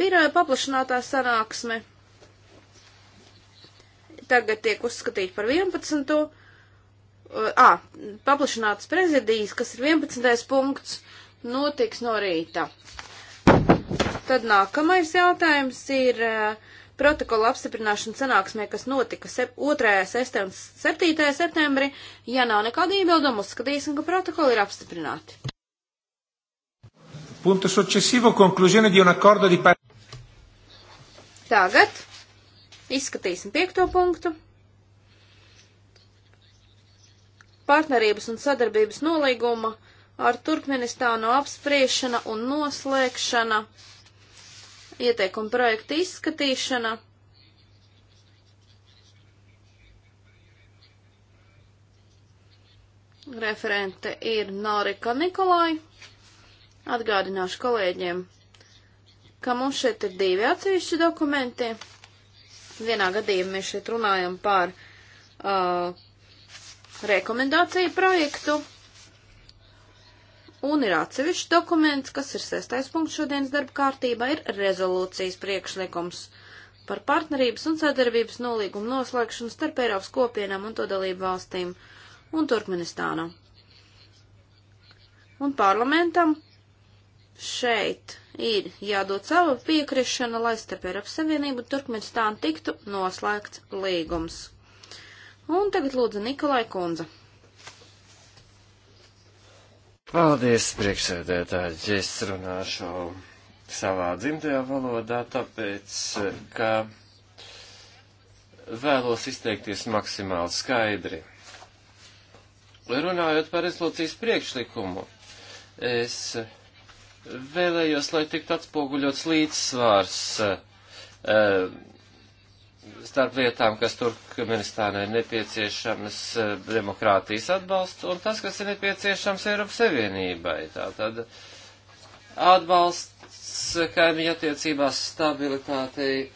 Biroja paplašinātā sanāksme tagad tiek uzskatīta par 11 ā, paplašinātas prezidijas, kas ir 11. punkts, notiks no rīta. Tad nākamais jautājums ir protokola apstiprināšana sanāksmē, kas notika 2. 6. un 7. septembrī. Ja nav nekāda iebildumu, uzskatīsim, ka protokoli ir apstiprināti. Punto successivo, conclusione di un accordo di Tagad izskatīsim piekto punktu. partnerības un sadarbības nolīguma ar Turkmenistānu apspriešana un noslēgšana, ieteikuma projekta izskatīšana. Referente ir Nārika Nikolai. Atgādināšu kolēģiem, ka mums šeit ir divi atsevišķi dokumenti. Vienā gadījumā mēs šeit runājam par uh, rekomendāciju projektu. Un ir atsevišķs dokuments, kas ir sestais punkts šodienas darba kārtībā, ir rezolūcijas priekšlikums par partnerības un sadarbības nolīgumu noslēgšanu starp Eiropas kopienām un to dalību valstīm un Turkmenistānu. Un parlamentam šeit ir jādod savu piekrišanu, lai starp Eiropas Savienību un Turkmenistānu tiktu noslēgts līgums. Un tagad lūdzu Nikolai Kunze. Paldies, priekšsēdētāji, es runāšu savā dzimtajā valodā, tāpēc, ka vēlos izteikties maksimāli skaidri. Runājot par rezolūcijas priekšlikumu, es vēlējos, lai tiktu atspoguļots līdzsvars eh, starp lietām, kas Turkmenistānai ir nepieciešams eh, demokrātijas atbalsts un tas, kas ir nepieciešams Eiropas Savienībai. Tātad atbalsts eh, kaimiņu attiecībās stabilitātei, eh,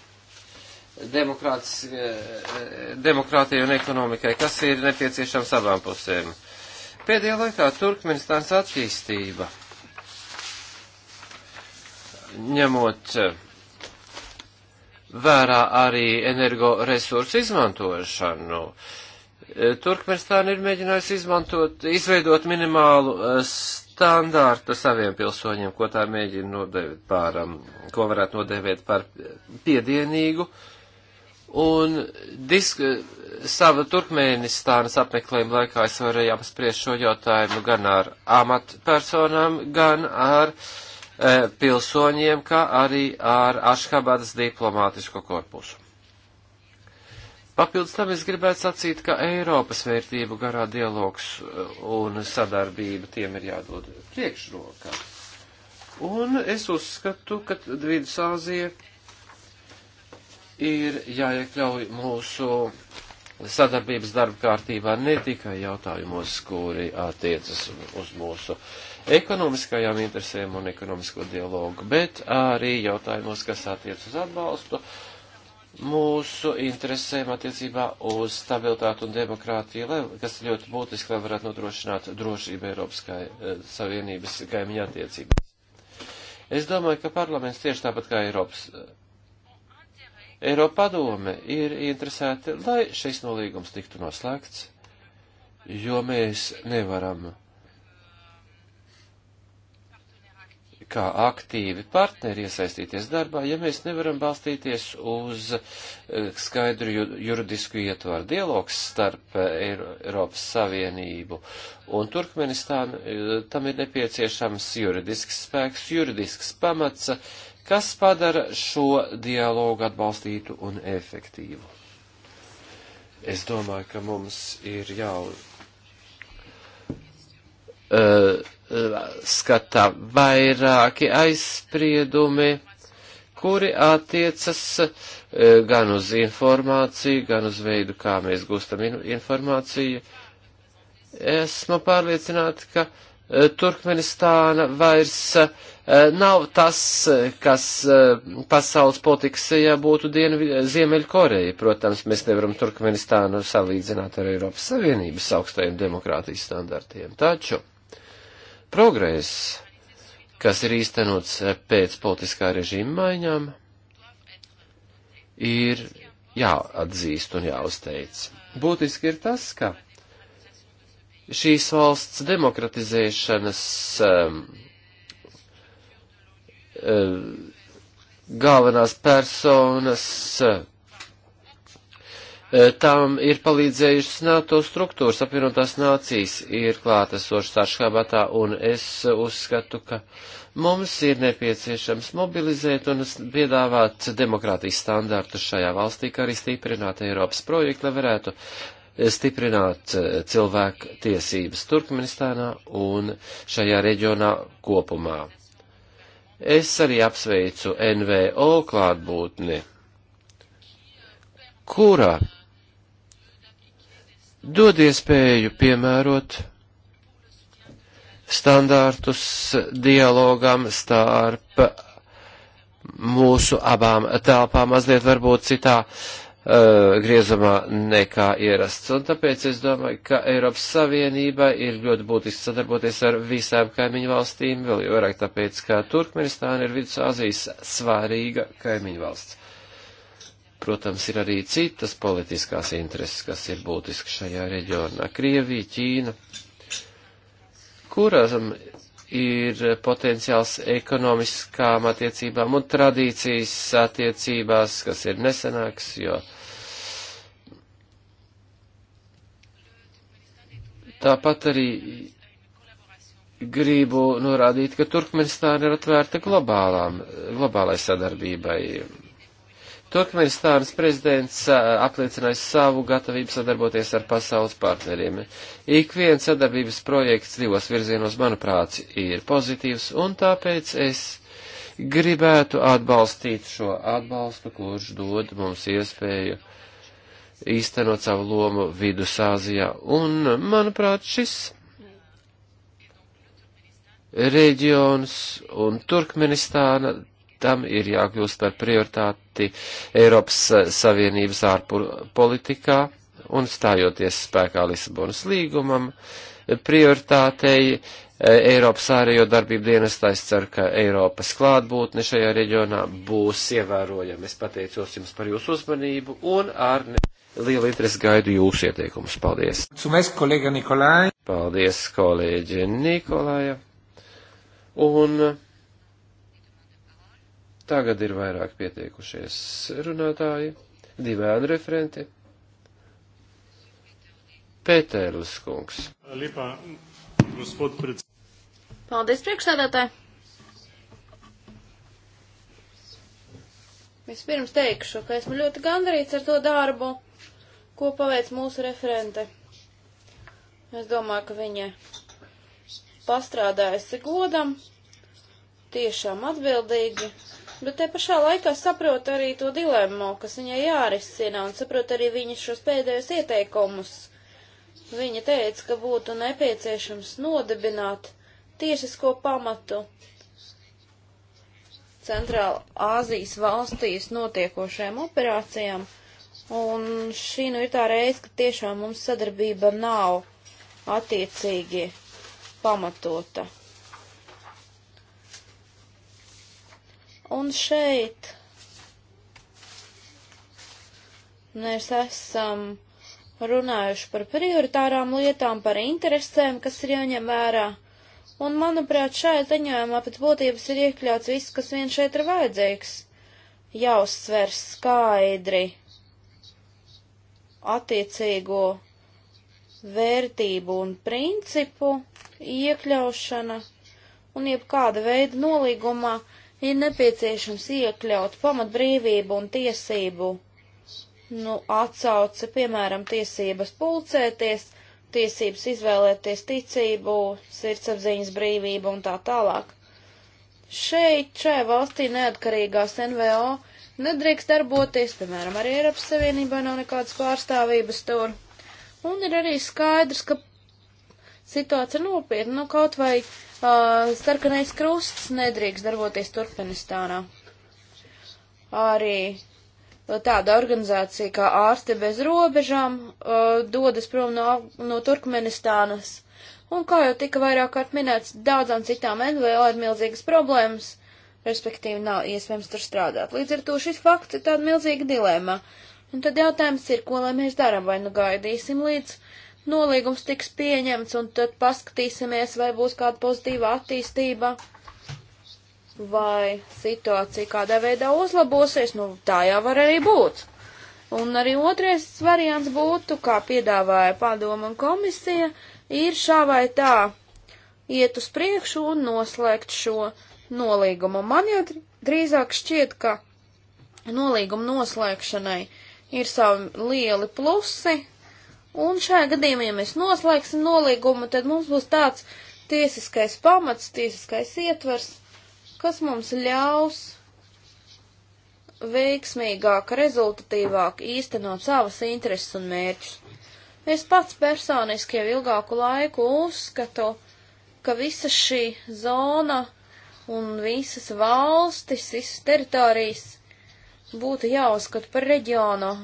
demokrātijai un ekonomikai, kas ir nepieciešams abām pusēm. Pēdējā laikā Turkmenistāns attīstība ņemot vērā arī energoresursu izmantošanu. E, Turkmenistāna ir mēģinājusi izmantot, izveidot minimālu e, standārtu saviem pilsoņiem, ko tā mēģina nodevēt par, um, ko varētu nodevēt par piedienīgu. Un disk, e, sava Turkmenistānas apmeklējuma laikā es varēju apspriest šo jautājumu gan ar amatpersonām, gan ar uh, E, pilsoņiem, kā arī ar Ašhabadas diplomātisko korpusu. Papildus tam es gribētu sacīt, ka Eiropas vērtību garā dialogs e, un sadarbība tiem ir jādod priekšrokā. Un es uzskatu, ka Vidusāzija ir jāiekļauj mūsu sadarbības darba kārtībā ne tikai jautājumos, kuri attiecas uz mūsu uh, ekonomiskajām interesēm un ekonomisko dialogu, bet arī jautājumos, kas attiec uz atbalstu mūsu interesēm attiecībā uz stabilitātu un demokrātiju, lai, kas ļoti būtiski, lai varētu nodrošināt drošību Eiropas kā, eh, Savienības kaimiņa attiecībās. Es domāju, ka parlaments tieši tāpat kā Eiropas. Eh, Eiropa padome ir interesēta, lai šis nolīgums tiktu noslēgts, jo mēs nevaram kā aktīvi partneri iesaistīties darbā, ja mēs nevaram balstīties uz eh, skaidru juridisku ietvaru. Dialogs starp eh, Eiropas Savienību un Turkmenistānu eh, tam ir nepieciešams juridisks spēks, juridisks pamats, kas padara šo dialogu atbalstītu un efektīvu. Es domāju, ka mums ir jau Eh, eh, skatā vairāki aizspriedumi, kuri attiecas eh, gan uz informāciju, gan uz veidu, kā mēs gūstam informāciju. Esmu pārliecināta, ka Turkmenistāna vairs nav tas, kas pasaules politikas sejā būtu Ziemeļkoreja. Protams, mēs nevaram Turkmenistānu salīdzināt ar Eiropas Savienības augstajiem demokrātijas standartiem. Taču progress, kas ir īstenots pēc politiskā režīma maiņām, ir jāatzīst un jāuzteic. Būtiski ir tas, ka šīs valsts demokratizēšanas um, um, galvenās personas uh, E, Tām ir palīdzējušas NATO struktūras, apvienotās nācijas ir klātesošas Ašhabatā, un es uzskatu, ka mums ir nepieciešams mobilizēt un piedāvāt demokrātijas standārtus šajā valstī, kā arī stiprināt Eiropas projektu, lai varētu e, stiprināt e, cilvēku tiesības Turkmenistānā un šajā reģionā kopumā. Es arī apsveicu NVO klātbūtni, kura dod iespēju piemērot standārtus dialogam starp mūsu abām telpām, mazliet varbūt citā uh, griezumā nekā ierasts. Un tāpēc es domāju, ka Eiropas Savienība ir ļoti būtiski sadarboties ar visām kaimiņu valstīm, vēl jau vairāk tāpēc, ka Turkmenistāna ir Vidusāzijas svarīga kaimiņu valsts. Protams, ir arī citas politiskās intereses, kas ir būtiski šajā reģionā - Krievija, Ķīna, kurām ir potenciāls ekonomiskām attiecībām un tradīcijas attiecībās, kas ir nesenāks, jo tāpat arī gribu norādīt, ka Turkmenistāna ir atvērta globālām, globālai sadarbībai Turkmenistānas prezidents apliecinājis savu gatavību sadarboties ar pasaules partneriem. Ik viens sadarbības projekts divos virzienos, manuprāt, ir pozitīvs, un tāpēc es gribētu atbalstīt šo atbalstu, kurš dod mums iespēju īstenot savu lomu Vidusāzijā. Un, manuprāt, šis reģions un Turkmenistāna tam ir jākļūst par prioritāti Eiropas Savienības ārpolitikā un stājoties spēkā Lisabonas līgumam, prioritātei e, Eiropas ārējo darbību dienestā. Es ceru, ka Eiropas klātbūtne šajā reģionā būs ievērojama. Es pateicos jums par jūsu uzmanību un ar lielu interesi gaidu jūsu ieteikumus. Paldies! Sumes, kolēģa Nikolai! Paldies, kolēģi Nikolaja! Un Tagad ir vairāk pieteikušies runātāji, divi ēnu referenti. Pētērlis kungs. Paldies, priekšsēdētāji! Vispirms teikšu, ka esmu ļoti gandarīts ar to darbu, ko paveic mūsu referente. Es domāju, ka viņa pastrādājusi godam, tiešām atbildīgi, Bet te pašā laikā saprotu arī to dilemmu, kas viņai jārisina, un saprotu arī viņas šos pēdējos ieteikumus. Viņa teica, ka būtu nepieciešams nodibināt tiesisko pamatu Centrāla Āzijas valstīs notiekošajām operācijām, un šī nu ir tā reize, ka tiešām mums sadarbība nav attiecīgi pamatota. Un šeit mēs esam runājuši par prioritārām lietām, par interesēm, kas ir jāņem vērā. Un, manuprāt, šajā ziņojumā pēc būtības ir iekļauts viss, kas vien šeit ir vajadzīgs. Jāuzsver skaidri attiecīgo vērtību un principu iekļaušana un jebkāda veida nolīgumā ir nepieciešams iekļaut pamatbrīvību un tiesību, nu, atsauce, piemēram, tiesības pulcēties, tiesības izvēlēties ticību, sirdsapziņas brīvību un tā tālāk. Šeit, šajā valstī neatkarīgās NVO nedrīkst darboties, piemēram, arī Eiropas Savienībā nav nekādas pārstāvības tur. Un ir arī skaidrs, ka situācija ir nopietna. Nu, kaut vai uh, sarkanais krusts nedrīkst darboties Turkmenistānā. Arī tāda organizācija kā ārste bez robežām uh, dodas prom no, no Turkmenistānas. Un kā jau tika vairāk kārt minēts, daudzām citām NVO ir milzīgas problēmas, respektīvi nav iespējams tur strādāt. Līdz ar to šis fakts ir tāda milzīga dilēma. Un tad jautājums ir, ko lai mēs darām, vai nu gaidīsim līdz uh, nolīgums tiks pieņemts, un tad paskatīsimies, vai būs kāda pozitīva attīstība, vai situācija kādā veidā uzlabosies, nu tā jau var arī būt. Un arī otrais variants būtu, kā piedāvāja padoma un komisija, ir šā vai tā iet uz priekšu un noslēgt šo nolīgumu. Man jau drīzāk šķiet, ka nolīguma noslēgšanai ir savi lieli plusi, Un šajā gadījumā, ja mēs noslēgsim nolīgumu, tad mums būs tāds tiesiskais pamats, tiesiskais ietvers, kas mums ļaus veiksmīgāk, rezultatīvāk īstenot savas intereses un mērķus. Es pats personiski jau ilgāku laiku uzskatu, ka visa šī zona un visas valstis, visas teritorijas būtu jāuzskata par reģionu,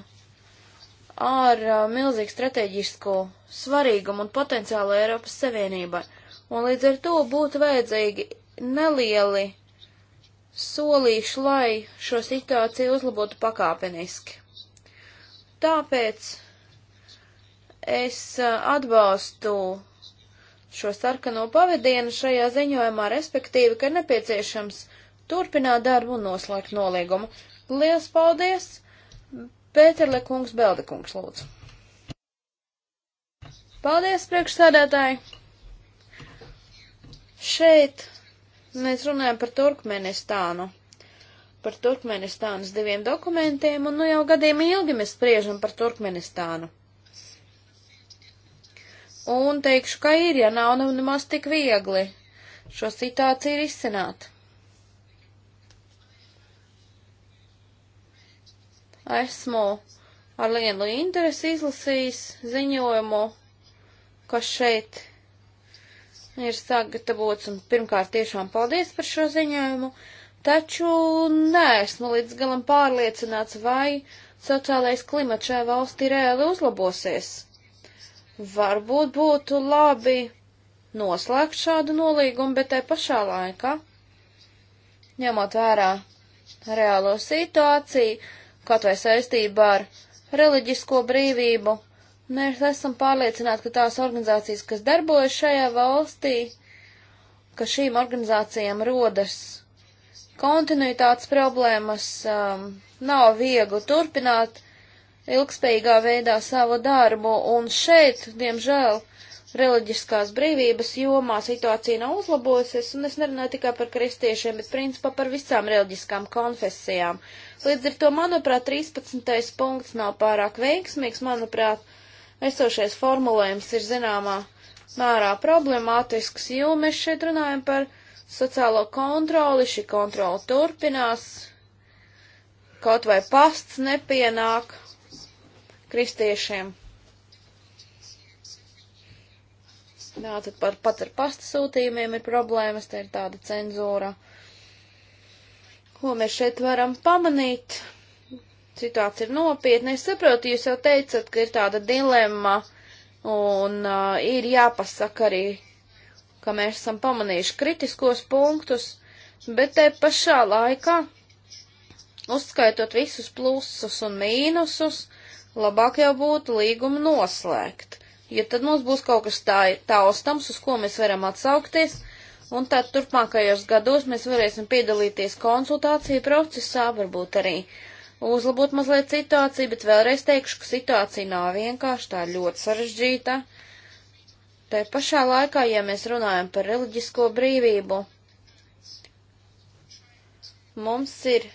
ar uh, milzīgu strateģisku svarīgumu un potenciālu Eiropas Savienībai. Un līdz ar to būtu vajadzīgi nelieli solīši, lai šo situāciju uzlabotu pakāpeniski. Tāpēc es uh, atbalstu šo sarkano pavadienu šajā ziņojumā, respektīvi, ka nepieciešams turpināt darbu un noslēgt noliegumu. Lielas paldies! Pēterle kungs, Belde kungs, lūdzu. Paldies, priekšsēdētāji! Šeit mēs runājam par Turkmenistānu, par Turkmenistānas diviem dokumentiem, un nu jau gadiem ilgi mēs spriežam par Turkmenistānu. Un teikšu, ka ir, ja nav nemaz tik viegli šo situāciju risināt. Esmu ar lielu interesi izlasījis ziņojumu, kas šeit ir sagatavots, un pirmkārt tiešām paldies par šo ziņojumu, taču neesmu līdz galam pārliecināts, vai sociālais klimats šajā valstī reāli uzlabosies. Varbūt būtu labi noslēgt šādu nolīgumu, bet te pašā laikā, ņemot vērā reālo situāciju, kaut vai saistībā ar reliģisko brīvību. Mēs esam pārliecināti, ka tās organizācijas, kas darbojas šajā valstī, ka šīm organizācijām rodas kontinuitātes problēmas, um, nav viegli turpināt ilgspējīgā veidā savu darbu, un šeit, diemžēl, reliģiskās brīvības jomā situācija nav uzlabojusies, un es nerunāju tikai par kristiešiem, bet principā par visām reliģiskām konfesijām. Līdz ar to, manuprāt, 13. punkts nav pārāk veiksmīgs, manuprāt, esošais formulējums ir zināmā mērā problemātisks, jo mēs šeit runājam par sociālo kontroli, šī kontrola turpinās, kaut vai pasts nepienāk kristiešiem. Tātad par, pat ar pasta sūtījumiem ir problēmas, te tā ir tāda cenzūra. Ko mēs šeit varam pamanīt? Situācija ir nopietna. Es saprotu, jūs jau teicat, ka ir tāda dilemma un uh, ir jāpasaka arī, ka mēs esam pamanījuši kritiskos punktus, bet te pašā laikā, uzskaitot visus plusus un mīnusus, labāk jau būtu līgumu noslēgt ja tad mums būs kaut kas tā, taustams, uz ko mēs varam atsaukties, un tad turpmākajos gados mēs varēsim piedalīties konsultāciju procesā, varbūt arī uzlabot mazliet situāciju, bet vēlreiz teikšu, ka situācija nav vienkārši, tā ļoti sarežģīta. Tā pašā laikā, ja mēs runājam par reliģisko brīvību, mums ir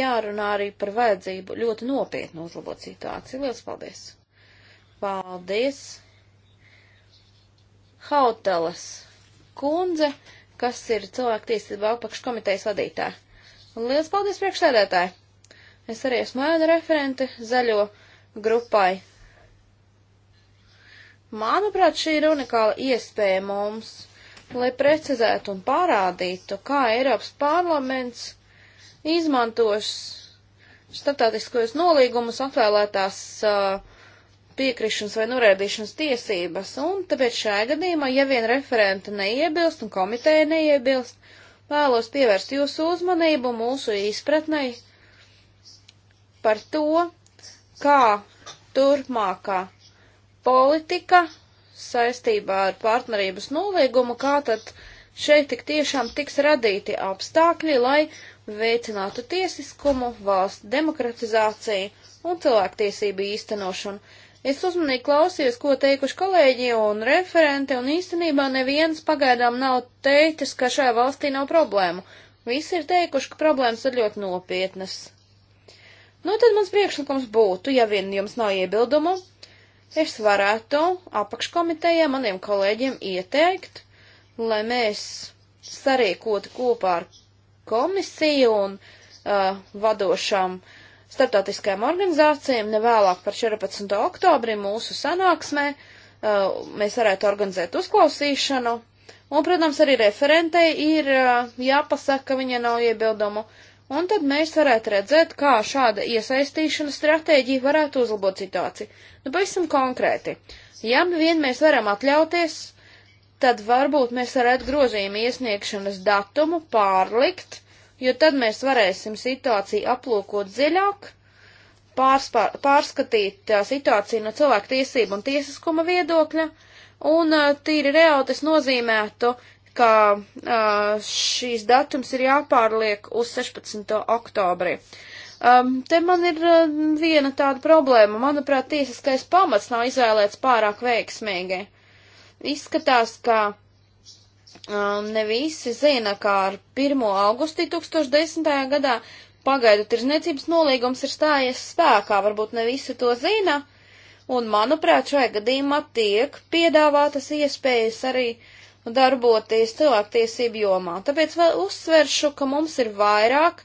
jārunā arī par vajadzību ļoti nopietni uzlabot situāciju. Lielas paldies! Paldies! Hautelas kundze, kas ir cilvēktiesība apakškomitejas vadītāja. Un liels paldies priekšsēdētāji! Es arī esmu ēna referente zaļo grupai. Manuprāt, šī ir unikāla iespēja mums, lai precizētu un parādītu, kā Eiropas parlaments izmantos starptautiskos nolīgumus atvēlētās uh, piekrišanas vai norēdīšanas tiesības, un tāpēc šajā gadījumā, ja vien referenta neiebilst un komiteja neiebilst, vēlos pievērst jūsu uzmanību mūsu izpratnei par to, kā turpmākā politika saistībā ar partnerības nolīgumu, kā tad šeit tik tiešām tiks radīti apstākļi, lai veicinātu tiesiskumu, valsts demokratizāciju un cilvēktiesību īstenošanu. Es uzmanīgi klausījos, ko teikuši kolēģi un referenti, un īstenībā neviens pagaidām nav teicis, ka šajā valstī nav problēmu. Visi ir teikuši, ka problēmas ir ļoti nopietnas. Nu, tad mans priekšlikums būtu, ja vien jums nav iebildumu, es varētu apakškomitejā maniem kolēģiem ieteikt, lai mēs sarīkotu kopā ar komisiju un uh, vadošām uh, starptautiskajām organizācijām, ne vēlāk par 14. oktobri mūsu sanāksmē uh, mēs varētu organizēt uzklausīšanu. Un, protams, arī referentei ir uh, jāpasaka, ka viņa nav iebildumu. Un tad mēs varētu redzēt, kā šāda iesaistīšana stratēģija varētu uzlabot situāciju. Nu, pavisam konkrēti. Ja nu vien mēs varam atļauties, tad varbūt mēs varētu grozījumu iesniegšanas datumu pārlikt jo tad mēs varēsim situāciju aplūkot dziļāk, pārspār, pārskatīt situāciju no cilvēku tiesību un tiesiskuma viedokļa, un tīri reāli tas nozīmētu, ka šīs datums ir jāpārliek uz 16. oktobri. Um, te man ir viena tāda problēma. Manuprāt, tiesiskais pamats nav izvēlēts pārāk veiksmīgi. Izskatās, ka Um, ne visi zina, kā ar 1. augustī 2010. gadā pagaidu tirzniecības nolīgums ir stājies spēkā, varbūt ne visi to zina, un manuprāt, šajā gadījumā tiek piedāvātas iespējas arī darboties cilvēktiesību jomā. Tāpēc vēl uzsveršu, ka mums ir vairāk,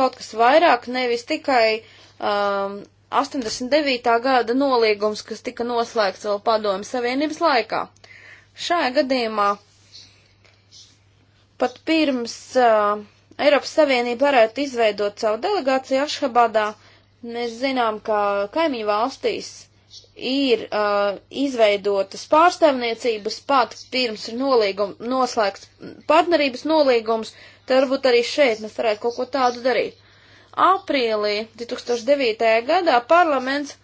kaut kas vairāk, nevis tikai um, 89. gada nolīgums, kas tika noslēgts vēl padomju savienības laikā. Šajā gadījumā Pat pirms uh, Eiropas Savienība varētu izveidot savu delegāciju Ašhabadā, mēs zinām, ka kaimiņu valstīs ir uh, izveidotas pārstāvniecības pat pirms ir nolīgum, noslēgts partnerības nolīgums, tad varbūt arī šeit mēs varētu kaut ko tādu darīt. Aprīlī 2009. gadā parlaments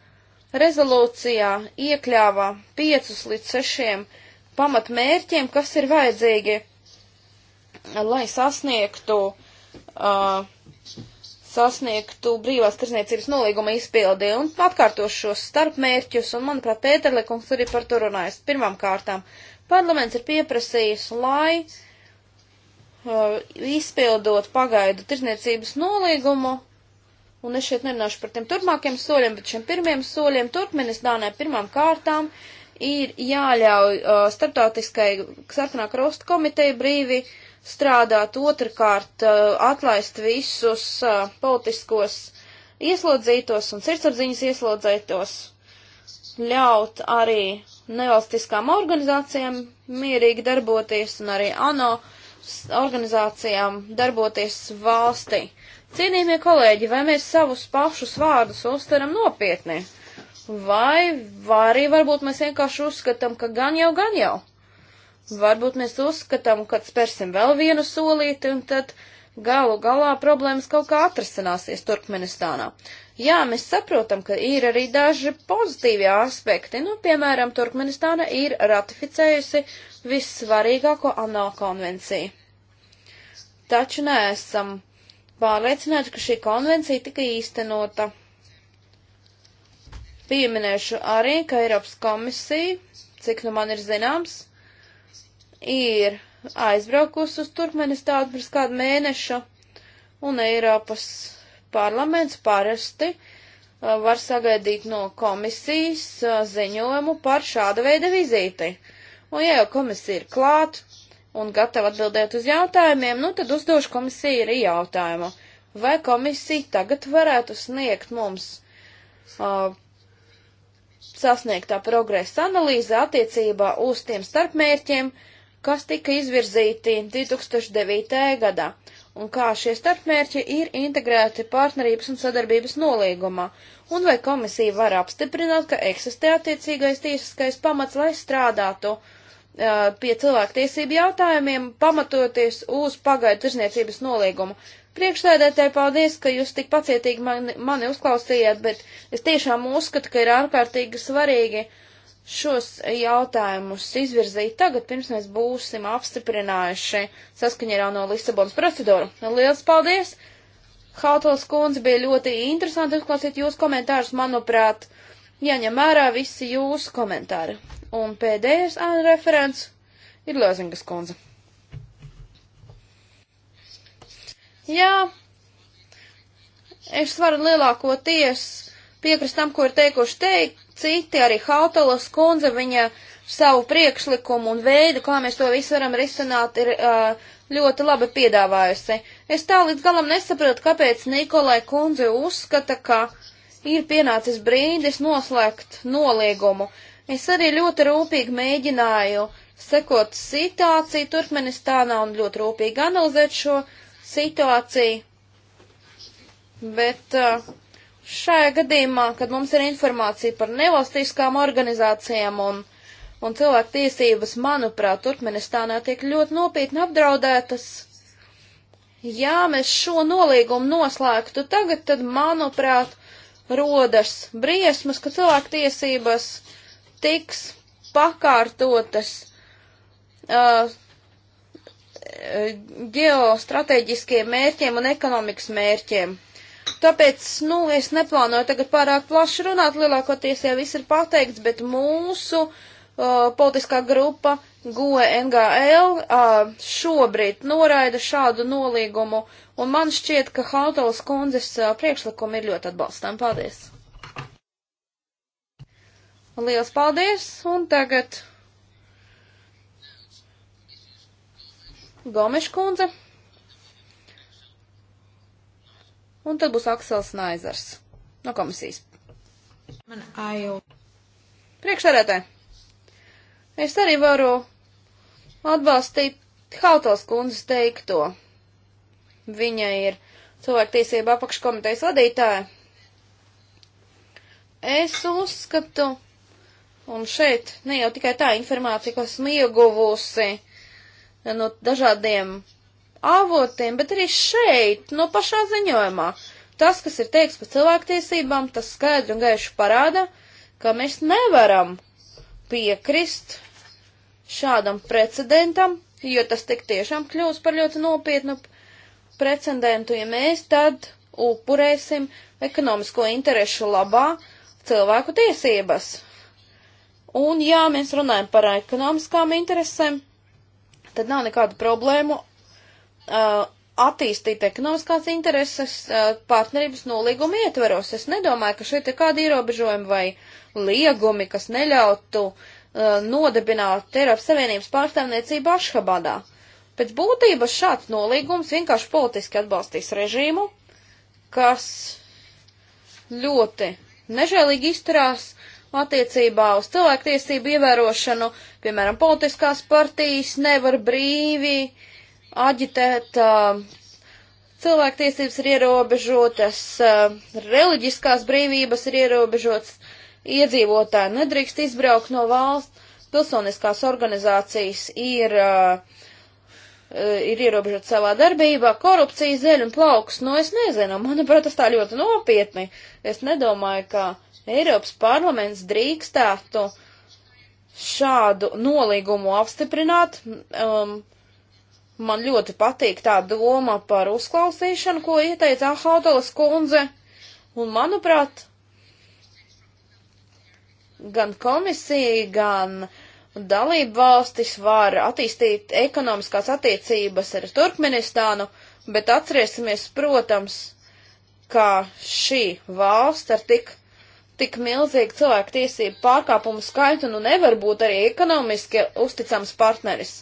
rezolūcijā iekļāva 5 līdz 6 pamatmērķiem, kas ir vajadzīgi lai sasniegtu, uh, sasniegtu brīvās tirzniecības nolīguma izpildi un atkārtošu šos starpmērķus, un, manuprāt, Pēterlikums arī par to runājas. Pirmām kārtām, parlaments ir pieprasījis, lai uh, izpildot pagaidu tirzniecības nolīgumu, un es šeit nerunāšu par tiem turpmākiem soļiem, bet šiem pirmiem soļiem Turkmenistānai pirmām kārtām ir jāļauj uh, starptautiskai sarkanā krusta komiteja brīvi uh, strādāt, otrkārt uh, atlaist visus uh, politiskos ieslodzītos un sirdsapziņas ieslodzītos, ļaut arī nevalstiskām organizācijām mierīgi darboties un arī ANO organizācijām darboties valstī. Cienījamie kolēģi, vai mēs savus pašus vārdus uztveram nopietni? Vai, vai arī varbūt mēs vienkārši uzskatām, ka gan jau, gan jau? Varbūt mēs uzskatām, ka spērsim vēl vienu solīti un tad galu galā problēmas kaut kā atrasināsies Turkmenistānā. Jā, mēs saprotam, ka ir arī daži pozitīvi aspekti. Nu, piemēram, Turkmenistāna ir ratificējusi vissvarīgāko ANO konvenciju. Taču neesam pārliecināti, ka šī konvencija tika īstenota. Pieminēšu arī, ka Eiropas komisija, cik nu man ir zināms, ir aizbraukusi uz Turkmenistānu pirms kādu mēnešu, un Eiropas parlaments parasti uh, var sagaidīt no komisijas uh, ziņojumu par šāda veida vizīti. Un ja jau komisija ir klāt un gatava atbildēt uz jautājumiem, nu tad uzdošu komisiju arī jautājumu. Vai komisija tagad varētu sniegt mums uh, sasniegtā progresa analīze attiecībā uz tiem starpmērķiem, uh, kas tika izvirzīti 2009. gadā un kā šie starpmērķi ir integrēti partnerības un sadarbības nolīgumā, un vai komisija var apstiprināt, ka eksistē attiecīgais tiesiskais pamats, lai strādātu uh, pie cilvēktiesību jautājumiem, pamatoties uz pagaidu tirzniecības nolīgumu. Priekšsēdētāji, paldies, ka jūs tik pacietīgi mani, mani uzklausījāt, bet es tiešām uzskatu, ka ir ārkārtīgi svarīgi uh, šos jautājumus izvirzīt tagad, pirms mēs būsim apstiprinājuši saskaņā jau no Lisabonas procedūru. Liels paldies! Hautals kundze bija ļoti interesanti uzklausīt jūsu komentārus, manuprāt, jāņem vērā visi jūsu komentāri. Un pēdējais āna referents ir Lozingas kundze. Jā, es varu lielāko tiesu piekrist tam, ko ir teikuši teikt citi, arī Hautalas kundze, viņa savu priekšlikumu un veidu, kā mēs to visu varam risināt, ir uh, ļoti labi piedāvājusi. Es tā līdz galam nesaprotu, kāpēc Nikolai kundze uzskata, ka ir pienācis brīdis noslēgt noliegumu. Es arī ļoti rūpīgi mēģināju sekot situāciju Turkmenistānā un ļoti rūpīgi analizēt šo situāciju. Bet uh, Šajā gadījumā, kad mums ir informācija par nevalstiskām organizācijām un, un cilvēku tiesības, manuprāt, Turkmenistānā tiek ļoti nopietni apdraudētas, ja mēs šo nolīgumu noslēgtu tagad, tad, manuprāt, rodas briesmas, ka cilvēku tiesības tiks pakārtotas uh, ģeostrateģiskiem mērķiem un ekonomikas mērķiem. Tāpēc, nu, es neplānoju tagad pārāk plaši runāt, lielākoties jau viss ir pateikts, bet mūsu uh, politiskā grupa GOE NGL uh, šobrīd noraida šādu nolīgumu, un man šķiet, ka Hautalas kundzes uh, priekšlikumi ir ļoti atbalstām. Paldies! Liels paldies, un tagad Gomeša kundze. Un tad būs Aksels Naizers no komisijas. Man aju. Priekšsēdētāji, es arī varu atbalstīt Hautals kundzes teikto. Viņa ir cilvēktiesība apakškomitejas vadītāja. Es uzskatu, un šeit ne jau tikai tā informācija, ko esmu ieguvusi no dažādiem avotiem, bet arī šeit, no pašā ziņojumā. Tas, kas ir teiks par cilvēktiesībām, tas skaidri un gaiši parāda, ka mēs nevaram piekrist šādam precedentam, jo tas tik tiešām kļūs par ļoti nopietnu precedentu, ja mēs tad upurēsim ekonomisko interešu labā cilvēku tiesības. Un ja mēs runājam par ekonomiskām interesēm, tad nav nekādu problēmu uh, attīstīt ekonomiskās intereses uh, partnerības nolīguma ietveros. Es nedomāju, ka šeit ir kādi ierobežojumi vai liegumi, kas neļautu uh, nodibināt Eiropas Savienības pārstāvniecību Ašhabadā. Pēc būtības šāds nolīgums vienkārši politiski atbalstīs režīmu, kas ļoti nežēlīgi izturās attiecībā uz cilvēktiesību ievērošanu, piemēram, politiskās partijas nevar brīvi uh, aģitēt, cilvēktiesības ir ierobežotas, reliģiskās brīvības ir ierobežotas, iedzīvotāji nedrīkst izbraukt no valsts, pilsoniskās organizācijas ir, ir ierobežotas savā darbībā, korupcija zeļ un plauks, no nu, es nezinu, manuprāt, tas tā ļoti nopietni. Es nedomāju, ka Eiropas parlaments drīkstētu šādu nolīgumu apstiprināt. Um, Man ļoti patīk tā doma par uzklausīšanu, ko ieteica Ahaudalas kundze, un manuprāt, gan komisija, gan dalību valstis var attīstīt ekonomiskās attiecības ar Turkmenistānu, bet atcerēsimies, protams, ka šī valsts ar tik, tik milzīgu cilvēku tiesību pārkāpumu skaitu nu nevar būt arī ekonomiski uzticams partneris.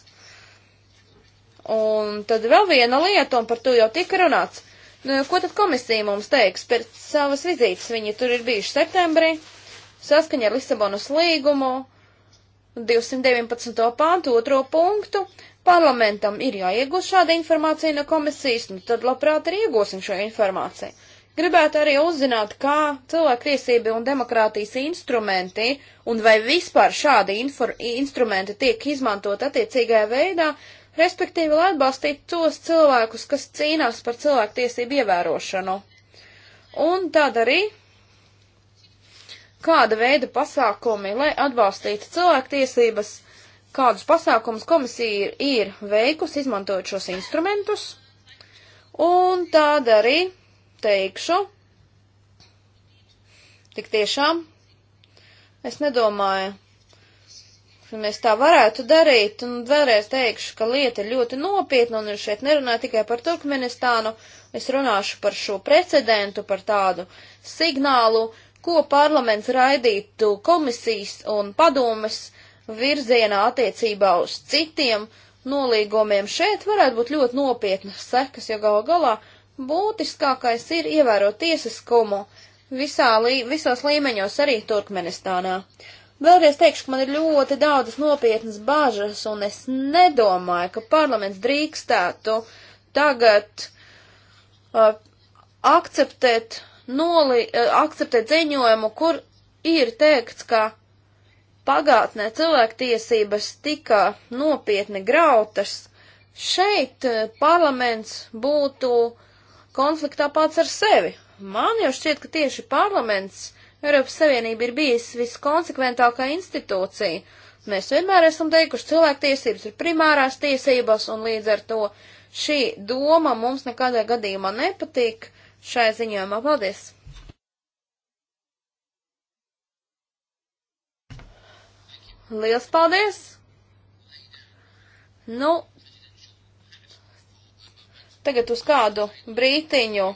Un tad vēl viena lieta, un par to jau tika runāts. Nu, ko tad komisija mums teiks pēc savas vizītes? Viņi tur ir bijuši septembrī, saskaņā ar Lisabonas līgumu, 219. pāntu, otro punktu. Parlamentam ir jāiegūst šāda informācija no komisijas, nu tad labprāt arī iegūsim šo informāciju. Gribētu arī uzzināt, kā cilvēktiesība un demokrātijas instrumenti un vai vispār šādi instrumenti tiek izmantot attiecīgajā veidā, respektīvi, lai atbalstītu tos cilvēkus, kas cīnās par cilvēku tiesību ievērošanu. Un tad arī kāda veida pasākumi, lai atbalstītu cilvēktiesības, kādus pasākumus komisija ir, ir veikusi, izmantojot šos instrumentus. Un tad arī teikšu, tik tiešām, es nedomāju, ka mēs tā varētu darīt, un vēlreiz teikšu, ka lieta ir ļoti nopietna, un es šeit nerunāju tikai par Turkmenistānu, es runāšu par šo precedentu, par tādu signālu, ko parlaments raidītu komisijas un padomes virzienā attiecībā uz citiem nolīgumiem. Šeit varētu būt ļoti nopietnas sekas, jo gal galā būtiskākais ir ievērot tiesiskumu visā, lī, visos līmeņos arī Turkmenistānā. Vēlreiz teikšu, ka man ir ļoti daudzas nopietnas bažas, un es nedomāju, ka parlaments drīkstētu tagad uh, akceptēt, noli, uh, akceptēt ziņojumu, kur ir teikts, ka pagātnē cilvēktiesības tika nopietni grautas. Šeit uh, parlaments būtu konfliktā pats ar sevi. Man jau šķiet, ka tieši parlaments uh, Eiropas Savienība ir bijis viskonsekventākā institūcija. Mēs vienmēr esam teikuši, cilvēktiesības ir primārās tiesības, un līdz ar to šī doma mums nekādā gadījumā nepatīk. Šai ziņojumā paldies! Liels paldies! Nu, tagad uz kādu brītiņu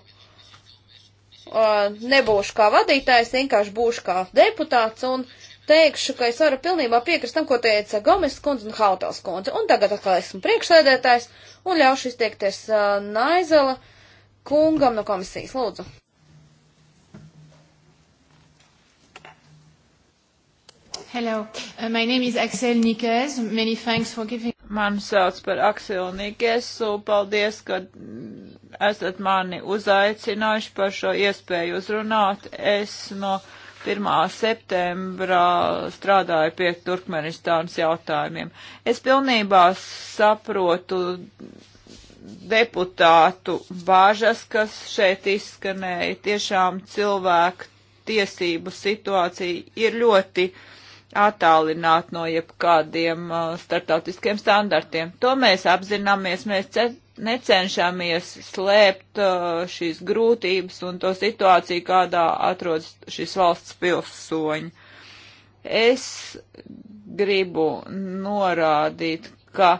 nebūšu kā vadītājs, vienkārši būšu kā deputāts un teikšu, ka es varu pilnībā piekrist tam, ko teica Gomes kundze un Hautals kundze. Un tagad atkal esmu priekšsēdētājs un ļaušu izteikties uh, Naizela kungam no komisijas. Lūdzu. Hello, uh, my name is Axel Nikes. Many thanks for giving. Man sauc par Akselu Nikesu. Paldies, ka esat mani uzaicinājuši par šo iespēju uzrunāt. Es no 1. septembrā strādāju pie Turkmenistānas jautājumiem. Es pilnībā saprotu deputātu bāžas, kas šeit izskanēja. Tiešām cilvēku tiesību situācija ir ļoti attālināt no jebkādiem uh, startautiskiem standartiem. To mēs apzināmies, mēs cet, necenšamies slēpt uh, šīs grūtības un to situāciju, kādā atrodas šis valsts pilsoņi. Es gribu norādīt, ka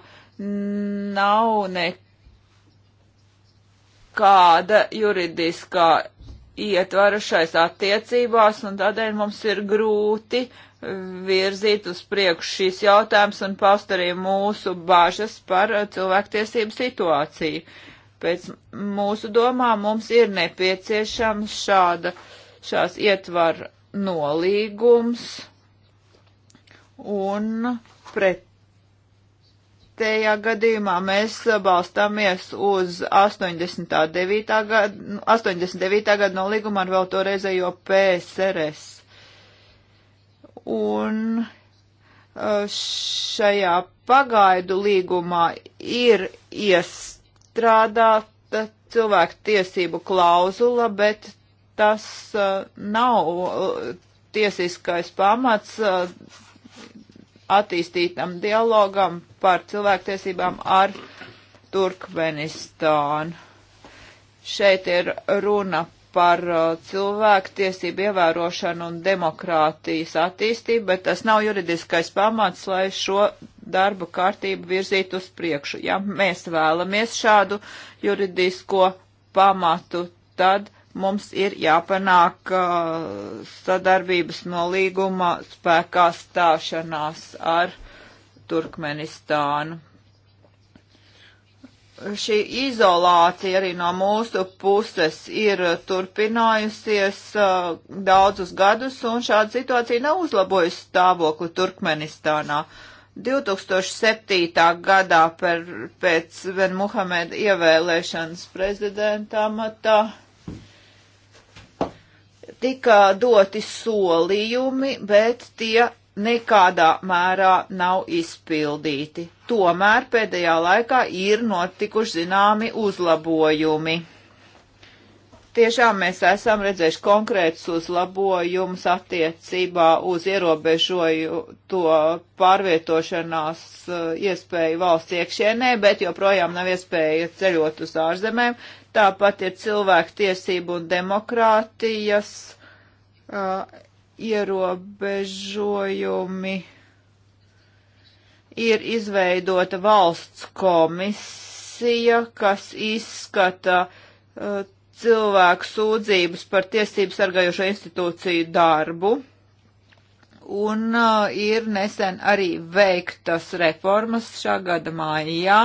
nav nekāda juridiskā ietvaru šais attiecībās, un tādēļ mums ir grūti virzīt uz priekšu šīs jautājums un paust arī mūsu bāžas par uh, cilvēktiesību situāciju. Pēc mūsu domā mums ir nepieciešams šāda, šās ietvaru nolīgums, un pret Pretējā gadījumā mēs balstāmies uz 89. gadu, 89. gadu nolīgumu ar vēl toreizējo PSRS. Un uh, šajā pagaidu līgumā ir iestrādāta cilvēku tiesību klauzula, bet tas uh, nav uh, tiesiskais pamats attīstītam dialogam par cilvēktiesībām ar Turkmenistānu. Šeit ir runa par uh, cilvēktiesību ievērošanu un demokrātijas attīstību, bet tas nav juridiskais pamats, lai šo darba kārtību virzītu uz priekšu. Ja mēs vēlamies šādu juridisko pamatu, tad mums ir jāpanāk uh, sadarbības nolīguma spēkā stāšanās ar Turkmenistānu. Šī izolācija arī no mūsu puses ir turpinājusies uh, daudzus gadus, un šāda situācija nav uzlabojusi stāvokli Turkmenistānā. 2007. gadā per, pēc Venmuhameda ievēlēšanas prezidenta amatā Tika doti solījumi, bet tie nekādā mērā nav izpildīti. Tomēr pēdējā laikā ir notikuši zināmi uzlabojumi. Tiešām mēs esam redzējuši konkrētus uzlabojumus attiecībā uz ierobežoju to pārvietošanās eh, iespēju valsts iekšienē, bet joprojām nav iespēja ceļot uz ārzemēm. Tāpat ir cilvēku tiesību un demokrātijas uh, ierobežojumi. Ir izveidota valsts komisija, kas izskata uh, cilvēku sūdzības par tiesību sargājošo institūciju darbu. Un uh, ir nesen arī veiktas reformas šā gada mājā,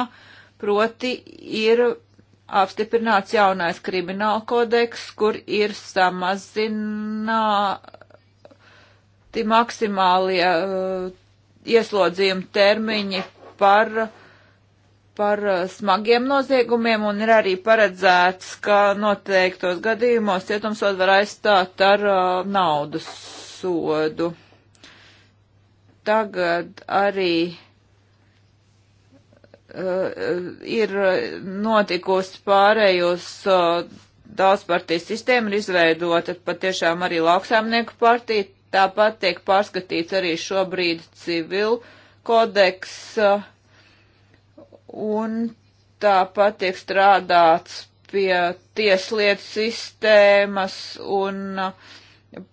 proti ir apstiprināts jaunais krimināla kodeks, kur ir samazināti maksimālie uh, ieslodzījuma termiņi par uh, par eh, smagiem noziegumiem un ir arī paredzēts, ka noteiktos gadījumos cietumsod var aizstāt ar uh, naudas sodu. Tagad arī uh, ir notikusi pārējos uh, daudzpartijas sistēma, ir izveidota patiešām arī lauksēmnieku partija, tāpat tiek pārskatīts arī šobrīd civil kodeks. Uh, Un tāpat tiek strādāts pie tieslietu sistēmas un uh,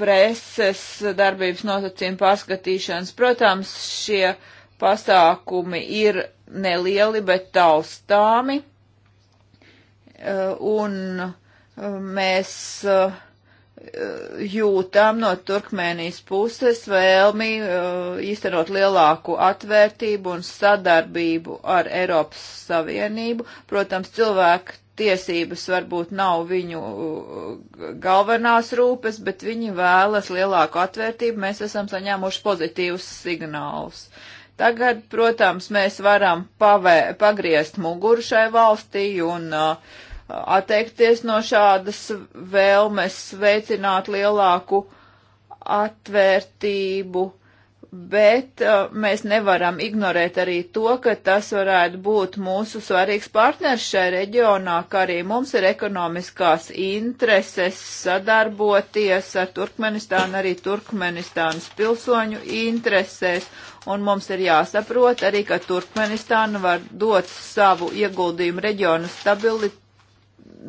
preses darbības nosacījuma pārskatīšanas. Protams, šie pasākumi ir nelieli, bet taustāmi. Uh, un uh, mēs uh, jūtām no Turkmēnijas puses vēlmi uh, īstenot lielāku atvērtību un sadarbību ar Eiropas Savienību. Protams, cilvēku tiesības varbūt nav viņu uh, galvenās rūpes, bet viņi vēlas lielāku atvērtību. Mēs esam saņēmuši pozitīvus signālus. Tagad, protams, mēs varam pavē, pagriezt muguru šai valstī un uh, atteikties no šādas vēlmes veicināt lielāku atvērtību, bet uh, mēs nevaram ignorēt arī to, ka tas varētu būt mūsu svarīgs partners šai reģionā, ka arī mums ir ekonomiskās intereses sadarboties ar Turkmenistānu, arī Turkmenistānas pilsoņu interesēs, un mums ir jāsaprot arī, ka Turkmenistāna var dot savu ieguldījumu reģionu stabilitāti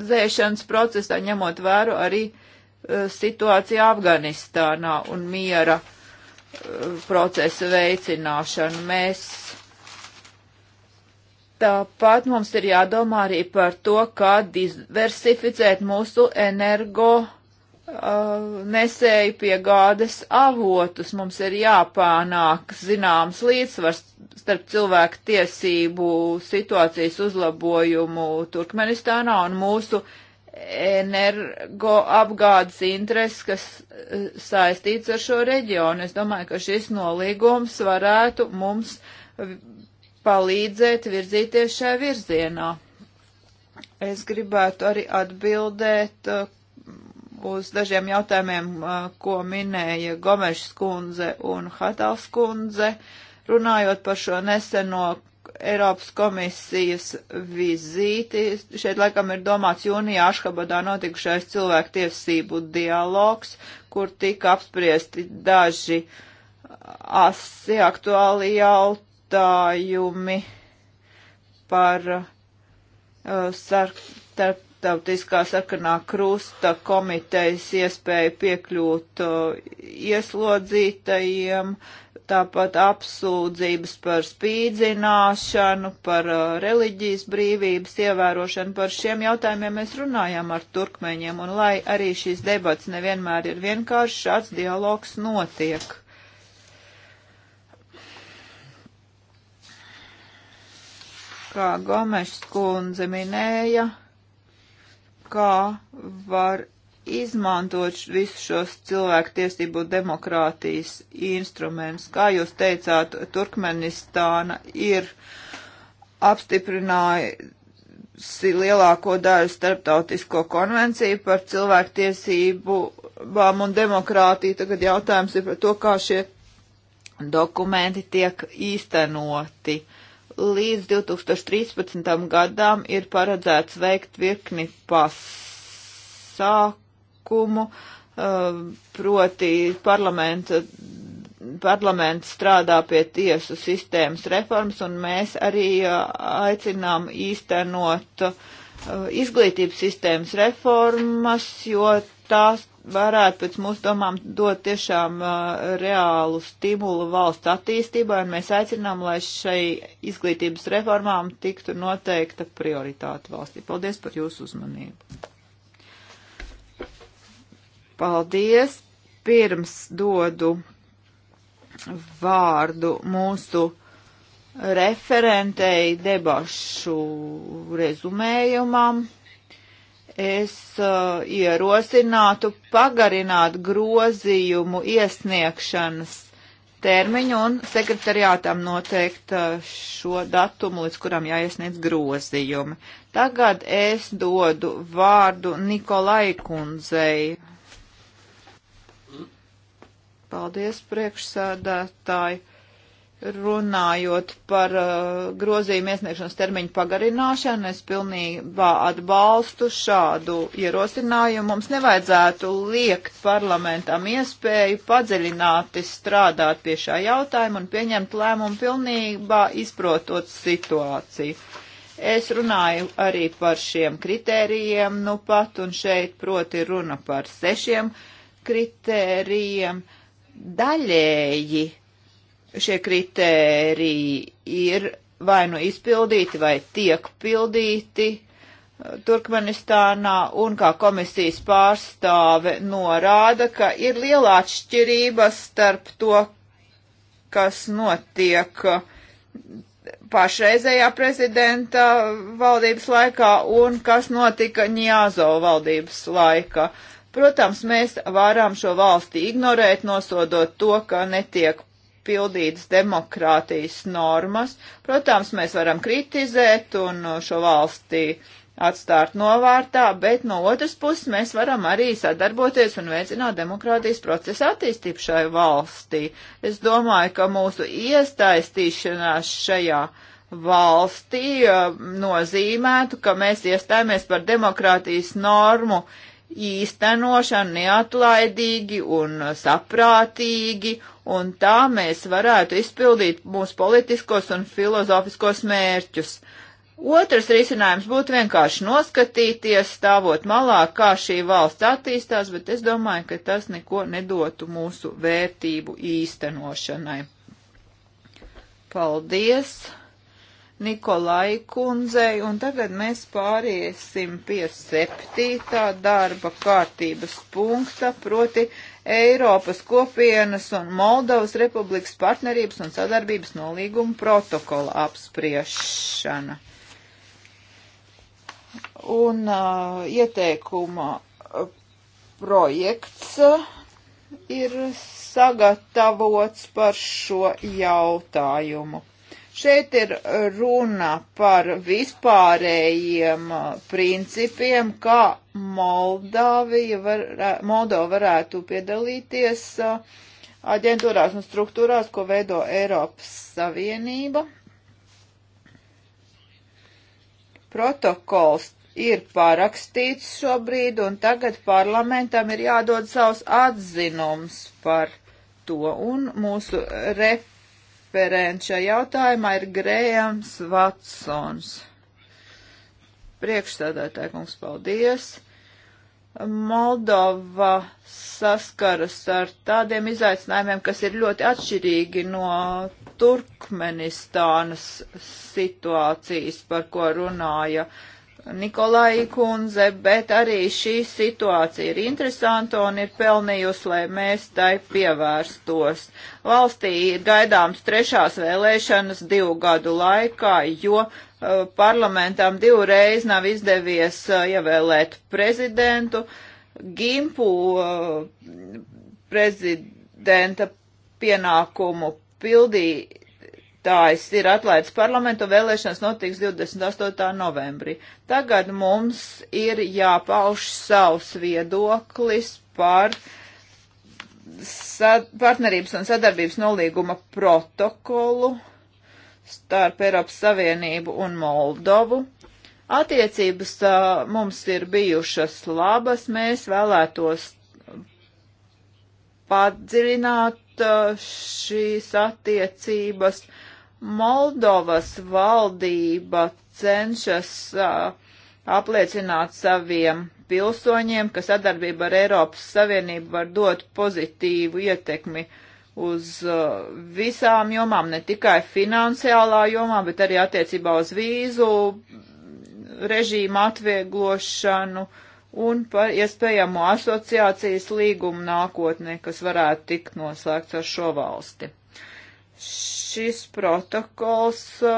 zēšanas procesā, ņemot vēru arī uh, situāciju Afganistānā un miera uh, procesa veicināšanu. Mēs tāpat mums ir jādomā arī par to, kā diversificēt mūsu energo Uh, nesēju pie gādes avotus. Mums ir jāpānāk zināms līdzsvars starp cilvēku tiesību situācijas uzlabojumu Turkmenistānā un mūsu energoapgādes intereses, kas uh, saistīts ar šo reģionu. Es domāju, ka šis nolīgums varētu mums palīdzēt virzīties šajā virzienā. Es gribētu arī atbildēt uh, uz dažiem jautājumiem, ko minēja Gomešs kundze un Hatals kundze, runājot par šo neseno Eiropas komisijas vizīti. Šeit laikam ir domāts jūnijā Ašhabadā notikušais cilvēktiesību dialogs, kur tika apspriesti daži asi aktuāli jautājumi par uh, starp starptautiskā sarkanā krusta komitejas iespēju piekļūt uh, ieslodzītajiem, tāpat apsūdzības par spīdzināšanu, par uh, reliģijas brīvības ievērošanu. Par šiem jautājumiem mēs runājam ar turkmeņiem, un lai arī šīs debats nevienmēr ir vienkārši, šāds dialogs notiek. Kā Gomeša skundze minēja, kā var izmantot visus šos cilvēku tiesību demokrātijas instrumentus. Kā jūs teicāt, Turkmenistāna ir apstiprinājusi lielāko daļu starptautisko konvenciju par cilvēku tiesībām un demokrātiju. Tagad jautājums ir par to, kā šie dokumenti tiek īstenoti. Uh, līdz 2013. gadām ir paredzēts veikt virkni pasākumu, um, proti parlamenta, parlaments strādā pie tiesu sistēmas reformas, un mēs arī uh, aicinām īstenot uh, izglītības sistēmas reformas, jo tās varētu pēc mūsu domām dot tiešām uh, reālu stimulu valsts attīstībai, un mēs aicinām, lai šai izglītības reformām tiktu noteikta prioritāte valstī. Paldies par jūsu uzmanību. Paldies. Pirms dodu vārdu mūsu referentei debašu rezumējumam es uh, ierosinātu pagarināt grozījumu iesniegšanas termiņu un sekretariātam noteikt uh, šo datumu, līdz kuram jāiesniedz grozījumi. Tagad es dodu vārdu Nikolai Kundzei. Paldies, priekšsēdētāji. Runājot par uh, grozījumu iesniegšanas termiņu pagarināšanu, es pilnībā atbalstu šādu ierosinājumu. Mums nevajadzētu liekt parlamentam iespēju padziļināti strādāt pie šā jautājuma un pieņemt lēmumu pilnībā izprotot situāciju. Es runāju arī par šiem kritērijiem nu pat, un šeit proti runa par sešiem kritērijiem daļēji šie kritēriji ir vai nu izpildīti, vai tiek pildīti uh, Turkmenistānā, un kā komisijas pārstāve norāda, ka ir liela atšķirība starp to, kas notiek uh, pašreizējā prezidenta valdības laikā un kas notika Ņāzo valdības laika. Protams, mēs varam šo valsti ignorēt, nosodot to, ka netiek pildītas demokrātijas normas. Protams, mēs varam kritizēt un šo valsti atstāt novārtā, bet no otras puses mēs varam arī sadarboties un veicināt demokrātijas procesu attīstību šai valstī. Es domāju, ka mūsu iesaistīšanās šajā valstī eh, nozīmētu, ka mēs iestājāmies par demokrātijas normu īstenošanu neatlaidīgi un saprātīgi, un tā mēs varētu izpildīt mūsu politiskos un filozofiskos mērķus. Otrs risinājums būtu vienkārši noskatīties, stāvot malā, kā šī valsts attīstās, bet es domāju, ka tas neko nedotu mūsu vērtību īstenošanai. Paldies! Nikolai kundzei, un tagad mēs pāriesim pie septītā darba kārtības punkta, proti Eiropas kopienas un Moldovas republikas partnerības un sadarbības nolīguma protokola apspriešana. Un uh, ieteikuma projekts ir sagatavots par šo jautājumu Šeit ir runa par vispārējiem uh, principiem, kā Moldāvija var, Moldova varētu piedalīties uh, aģentūrās un struktūrās, ko veido Eiropas Savienība. Protokols ir parakstīts šobrīd, un tagad parlamentam ir jādod savs atzinums par to, un mūsu rep referents šajā jautājumā ir Grējams Vatsons. Priekšstādātāji, kungs, paldies! Moldova saskaras ar tādiem izaicinājumiem, kas ir ļoti atšķirīgi no Turkmenistānas situācijas, par ko runāja uh, Nikolai kundze, bet arī šī situācija ir interesanta un ir pelnījusi, lai mēs tai pievērstos. Valstī ir gaidāms trešās vēlēšanas divu gadu laikā, jo uh, parlamentam divreiz nav izdevies uh, ievēlēt prezidentu. Gimpu uh, prezidenta pienākumu pildīja Tājs ir atlaists parlamentu vēlēšanas notiks 28. novembrī. Tagad mums ir jāpauž savs viedoklis par partnerības un sadarbības nolīguma protokolu starp Eiropas Savienību un Moldovu. Attiecības mums ir bijušas labas, mēs vēlētos padziļināt šīs attiecības. Uh, Moldovas valdība cenšas uh, apliecināt saviem pilsoņiem, ka sadarbība ar Eiropas Savienību var dot pozitīvu ietekmi uz uh, visām jomām, ne tikai finansiālā jomā, bet arī attiecībā uz vīzu režīmu atvieglošanu un par iespējamo asociācijas līgumu nākotnē, kas varētu tikt noslēgts ar šo valsti. Š šis protokols uh,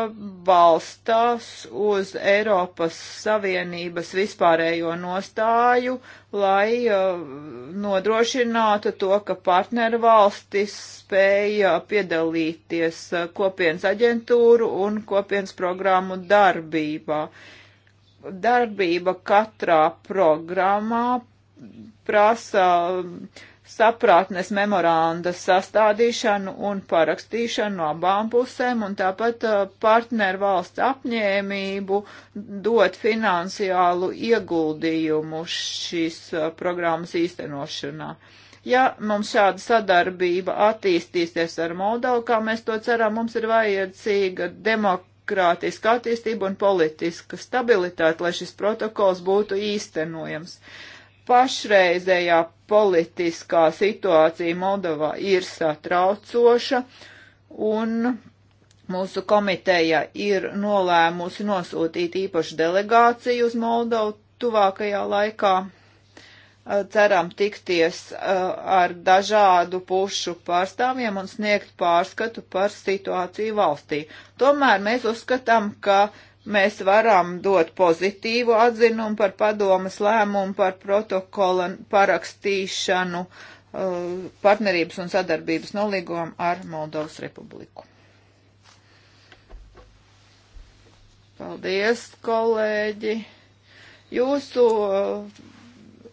balstās uz Eiropas Savienības vispārējo nostāju, lai uh, nodrošinātu to, ka partneru valstis spēja piedalīties uh, kopienas aģentūru un kopienas programmu darbībā. Darbība katrā programmā prasa uh, saprātnes memoranda sastādīšanu un parakstīšanu no abām pusēm, un tāpat uh, partneru valsts apņēmību dot finansiālu ieguldījumu šīs uh, programmas īstenošanā. Ja mums šāda sadarbība attīstīsies ar Moldavu, kā mēs to ceram, mums ir vajadzīga demokrātiska attīstība un politiska stabilitāte, lai šis protokols būtu īstenojams. Uh, pašreizējā politiskā situācija Moldovā ir satraucoša un mūsu komiteja ir nolēmusi nosūtīt īpašu delegāciju uz Moldovu tuvākajā laikā. Ceram tikties ar dažādu pušu pārstāvjiem un sniegt pārskatu par situāciju valstī. Tomēr mēs uzskatām, ka uh, mēs varam dot pozitīvu atzinumu par padomas lēmumu par protokola parakstīšanu uh, partnerības un sadarbības nolīgumam ar Moldovas Republiku. Paldies, kolēģi! Jūsu uh,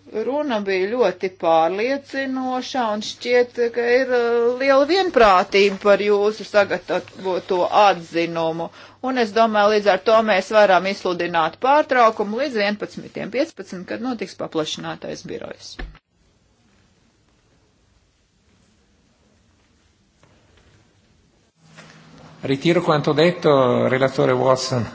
Runa bija ļoti pārliecinoša un šķiet, ka ir uh, liela vienprātība par jūsu sagatavoto atzinumu. Un es domāju, līdz ar to mēs varam izsludināt pārtraukumu līdz 11.15, kad notiks paplašinātais birojs. Ritiro quanto detto, relatore Watson.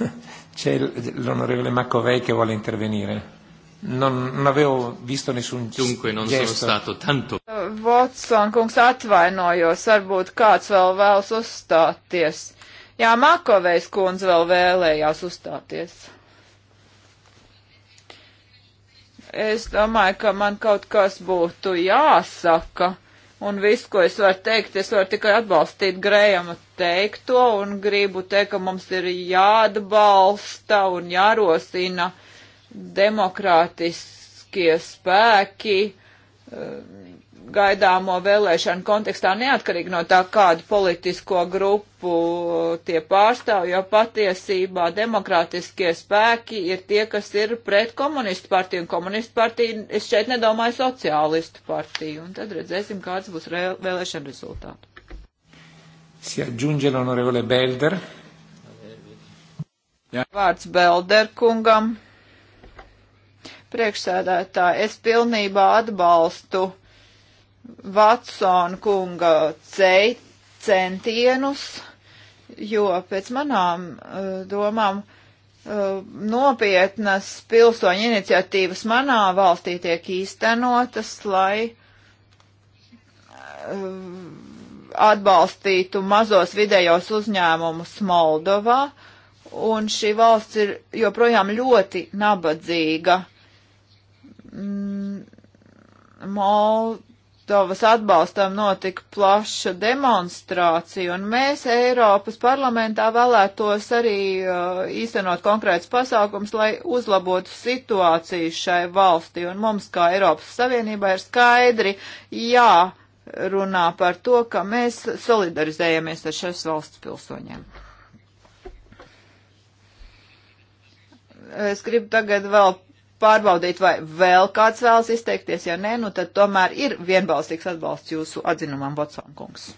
C'è l'onorevole Maccovei che vuole intervenire. Non, non avevo visto nessun Dunque non gesto. sono stato tanto. Votson eh, kungs atvainojos, varbūt kāds vēl vēlas uzstāties. Jā, Makovejs kundze vēl vēlējās uzstāties. Es domāju, ka man kaut kas būtu jāsaka, un viss, ko es varu teikt, es varu tikai atbalstīt Grējama teikto, un gribu teikt, ka mums ir jāatbalsta un jārosina demokrātiskie spēki eh, gaidāmo vēlēšanu kontekstā neatkarīgi no tā, kādu politisko grupu tie pārstāv, jo patiesībā demokrātiskie spēki ir tie, kas ir pret komunistu partiju, un komunistu partiju es šeit nedomāju sociālistu partiju, un tad redzēsim, kāds būs vēlēšana rezultāti. Si aggiunge l'onorevole Belder. Vārds Belder kungam priekšsēdētāji. Es pilnībā atbalstu Vatsona kunga centienus, jo pēc manām uh, domām uh, nopietnas pilsoņu iniciatīvas manā valstī tiek īstenotas, lai uh, atbalstītu mazos vidējos uzņēmumus Moldovā, un šī valsts ir joprojām ļoti nabadzīga. Mm, Moldovas atbalstam notika plaša demonstrācija, un mēs Eiropas parlamentā vēlētos arī uh, īstenot konkrēts pasākums, lai uzlabotu situāciju šai valstī, un mums kā Eiropas Savienībā ir skaidri jā runā par to, ka mēs solidarizējamies ar šais valsts pilsoņiem. Es gribu tagad vēl pārbaudīt, vai vēl kāds vēlas izteikties. Ja nē, nu tad tomēr ir vienbalsīgs atbalsts jūsu atzinumam, Botsonkungs.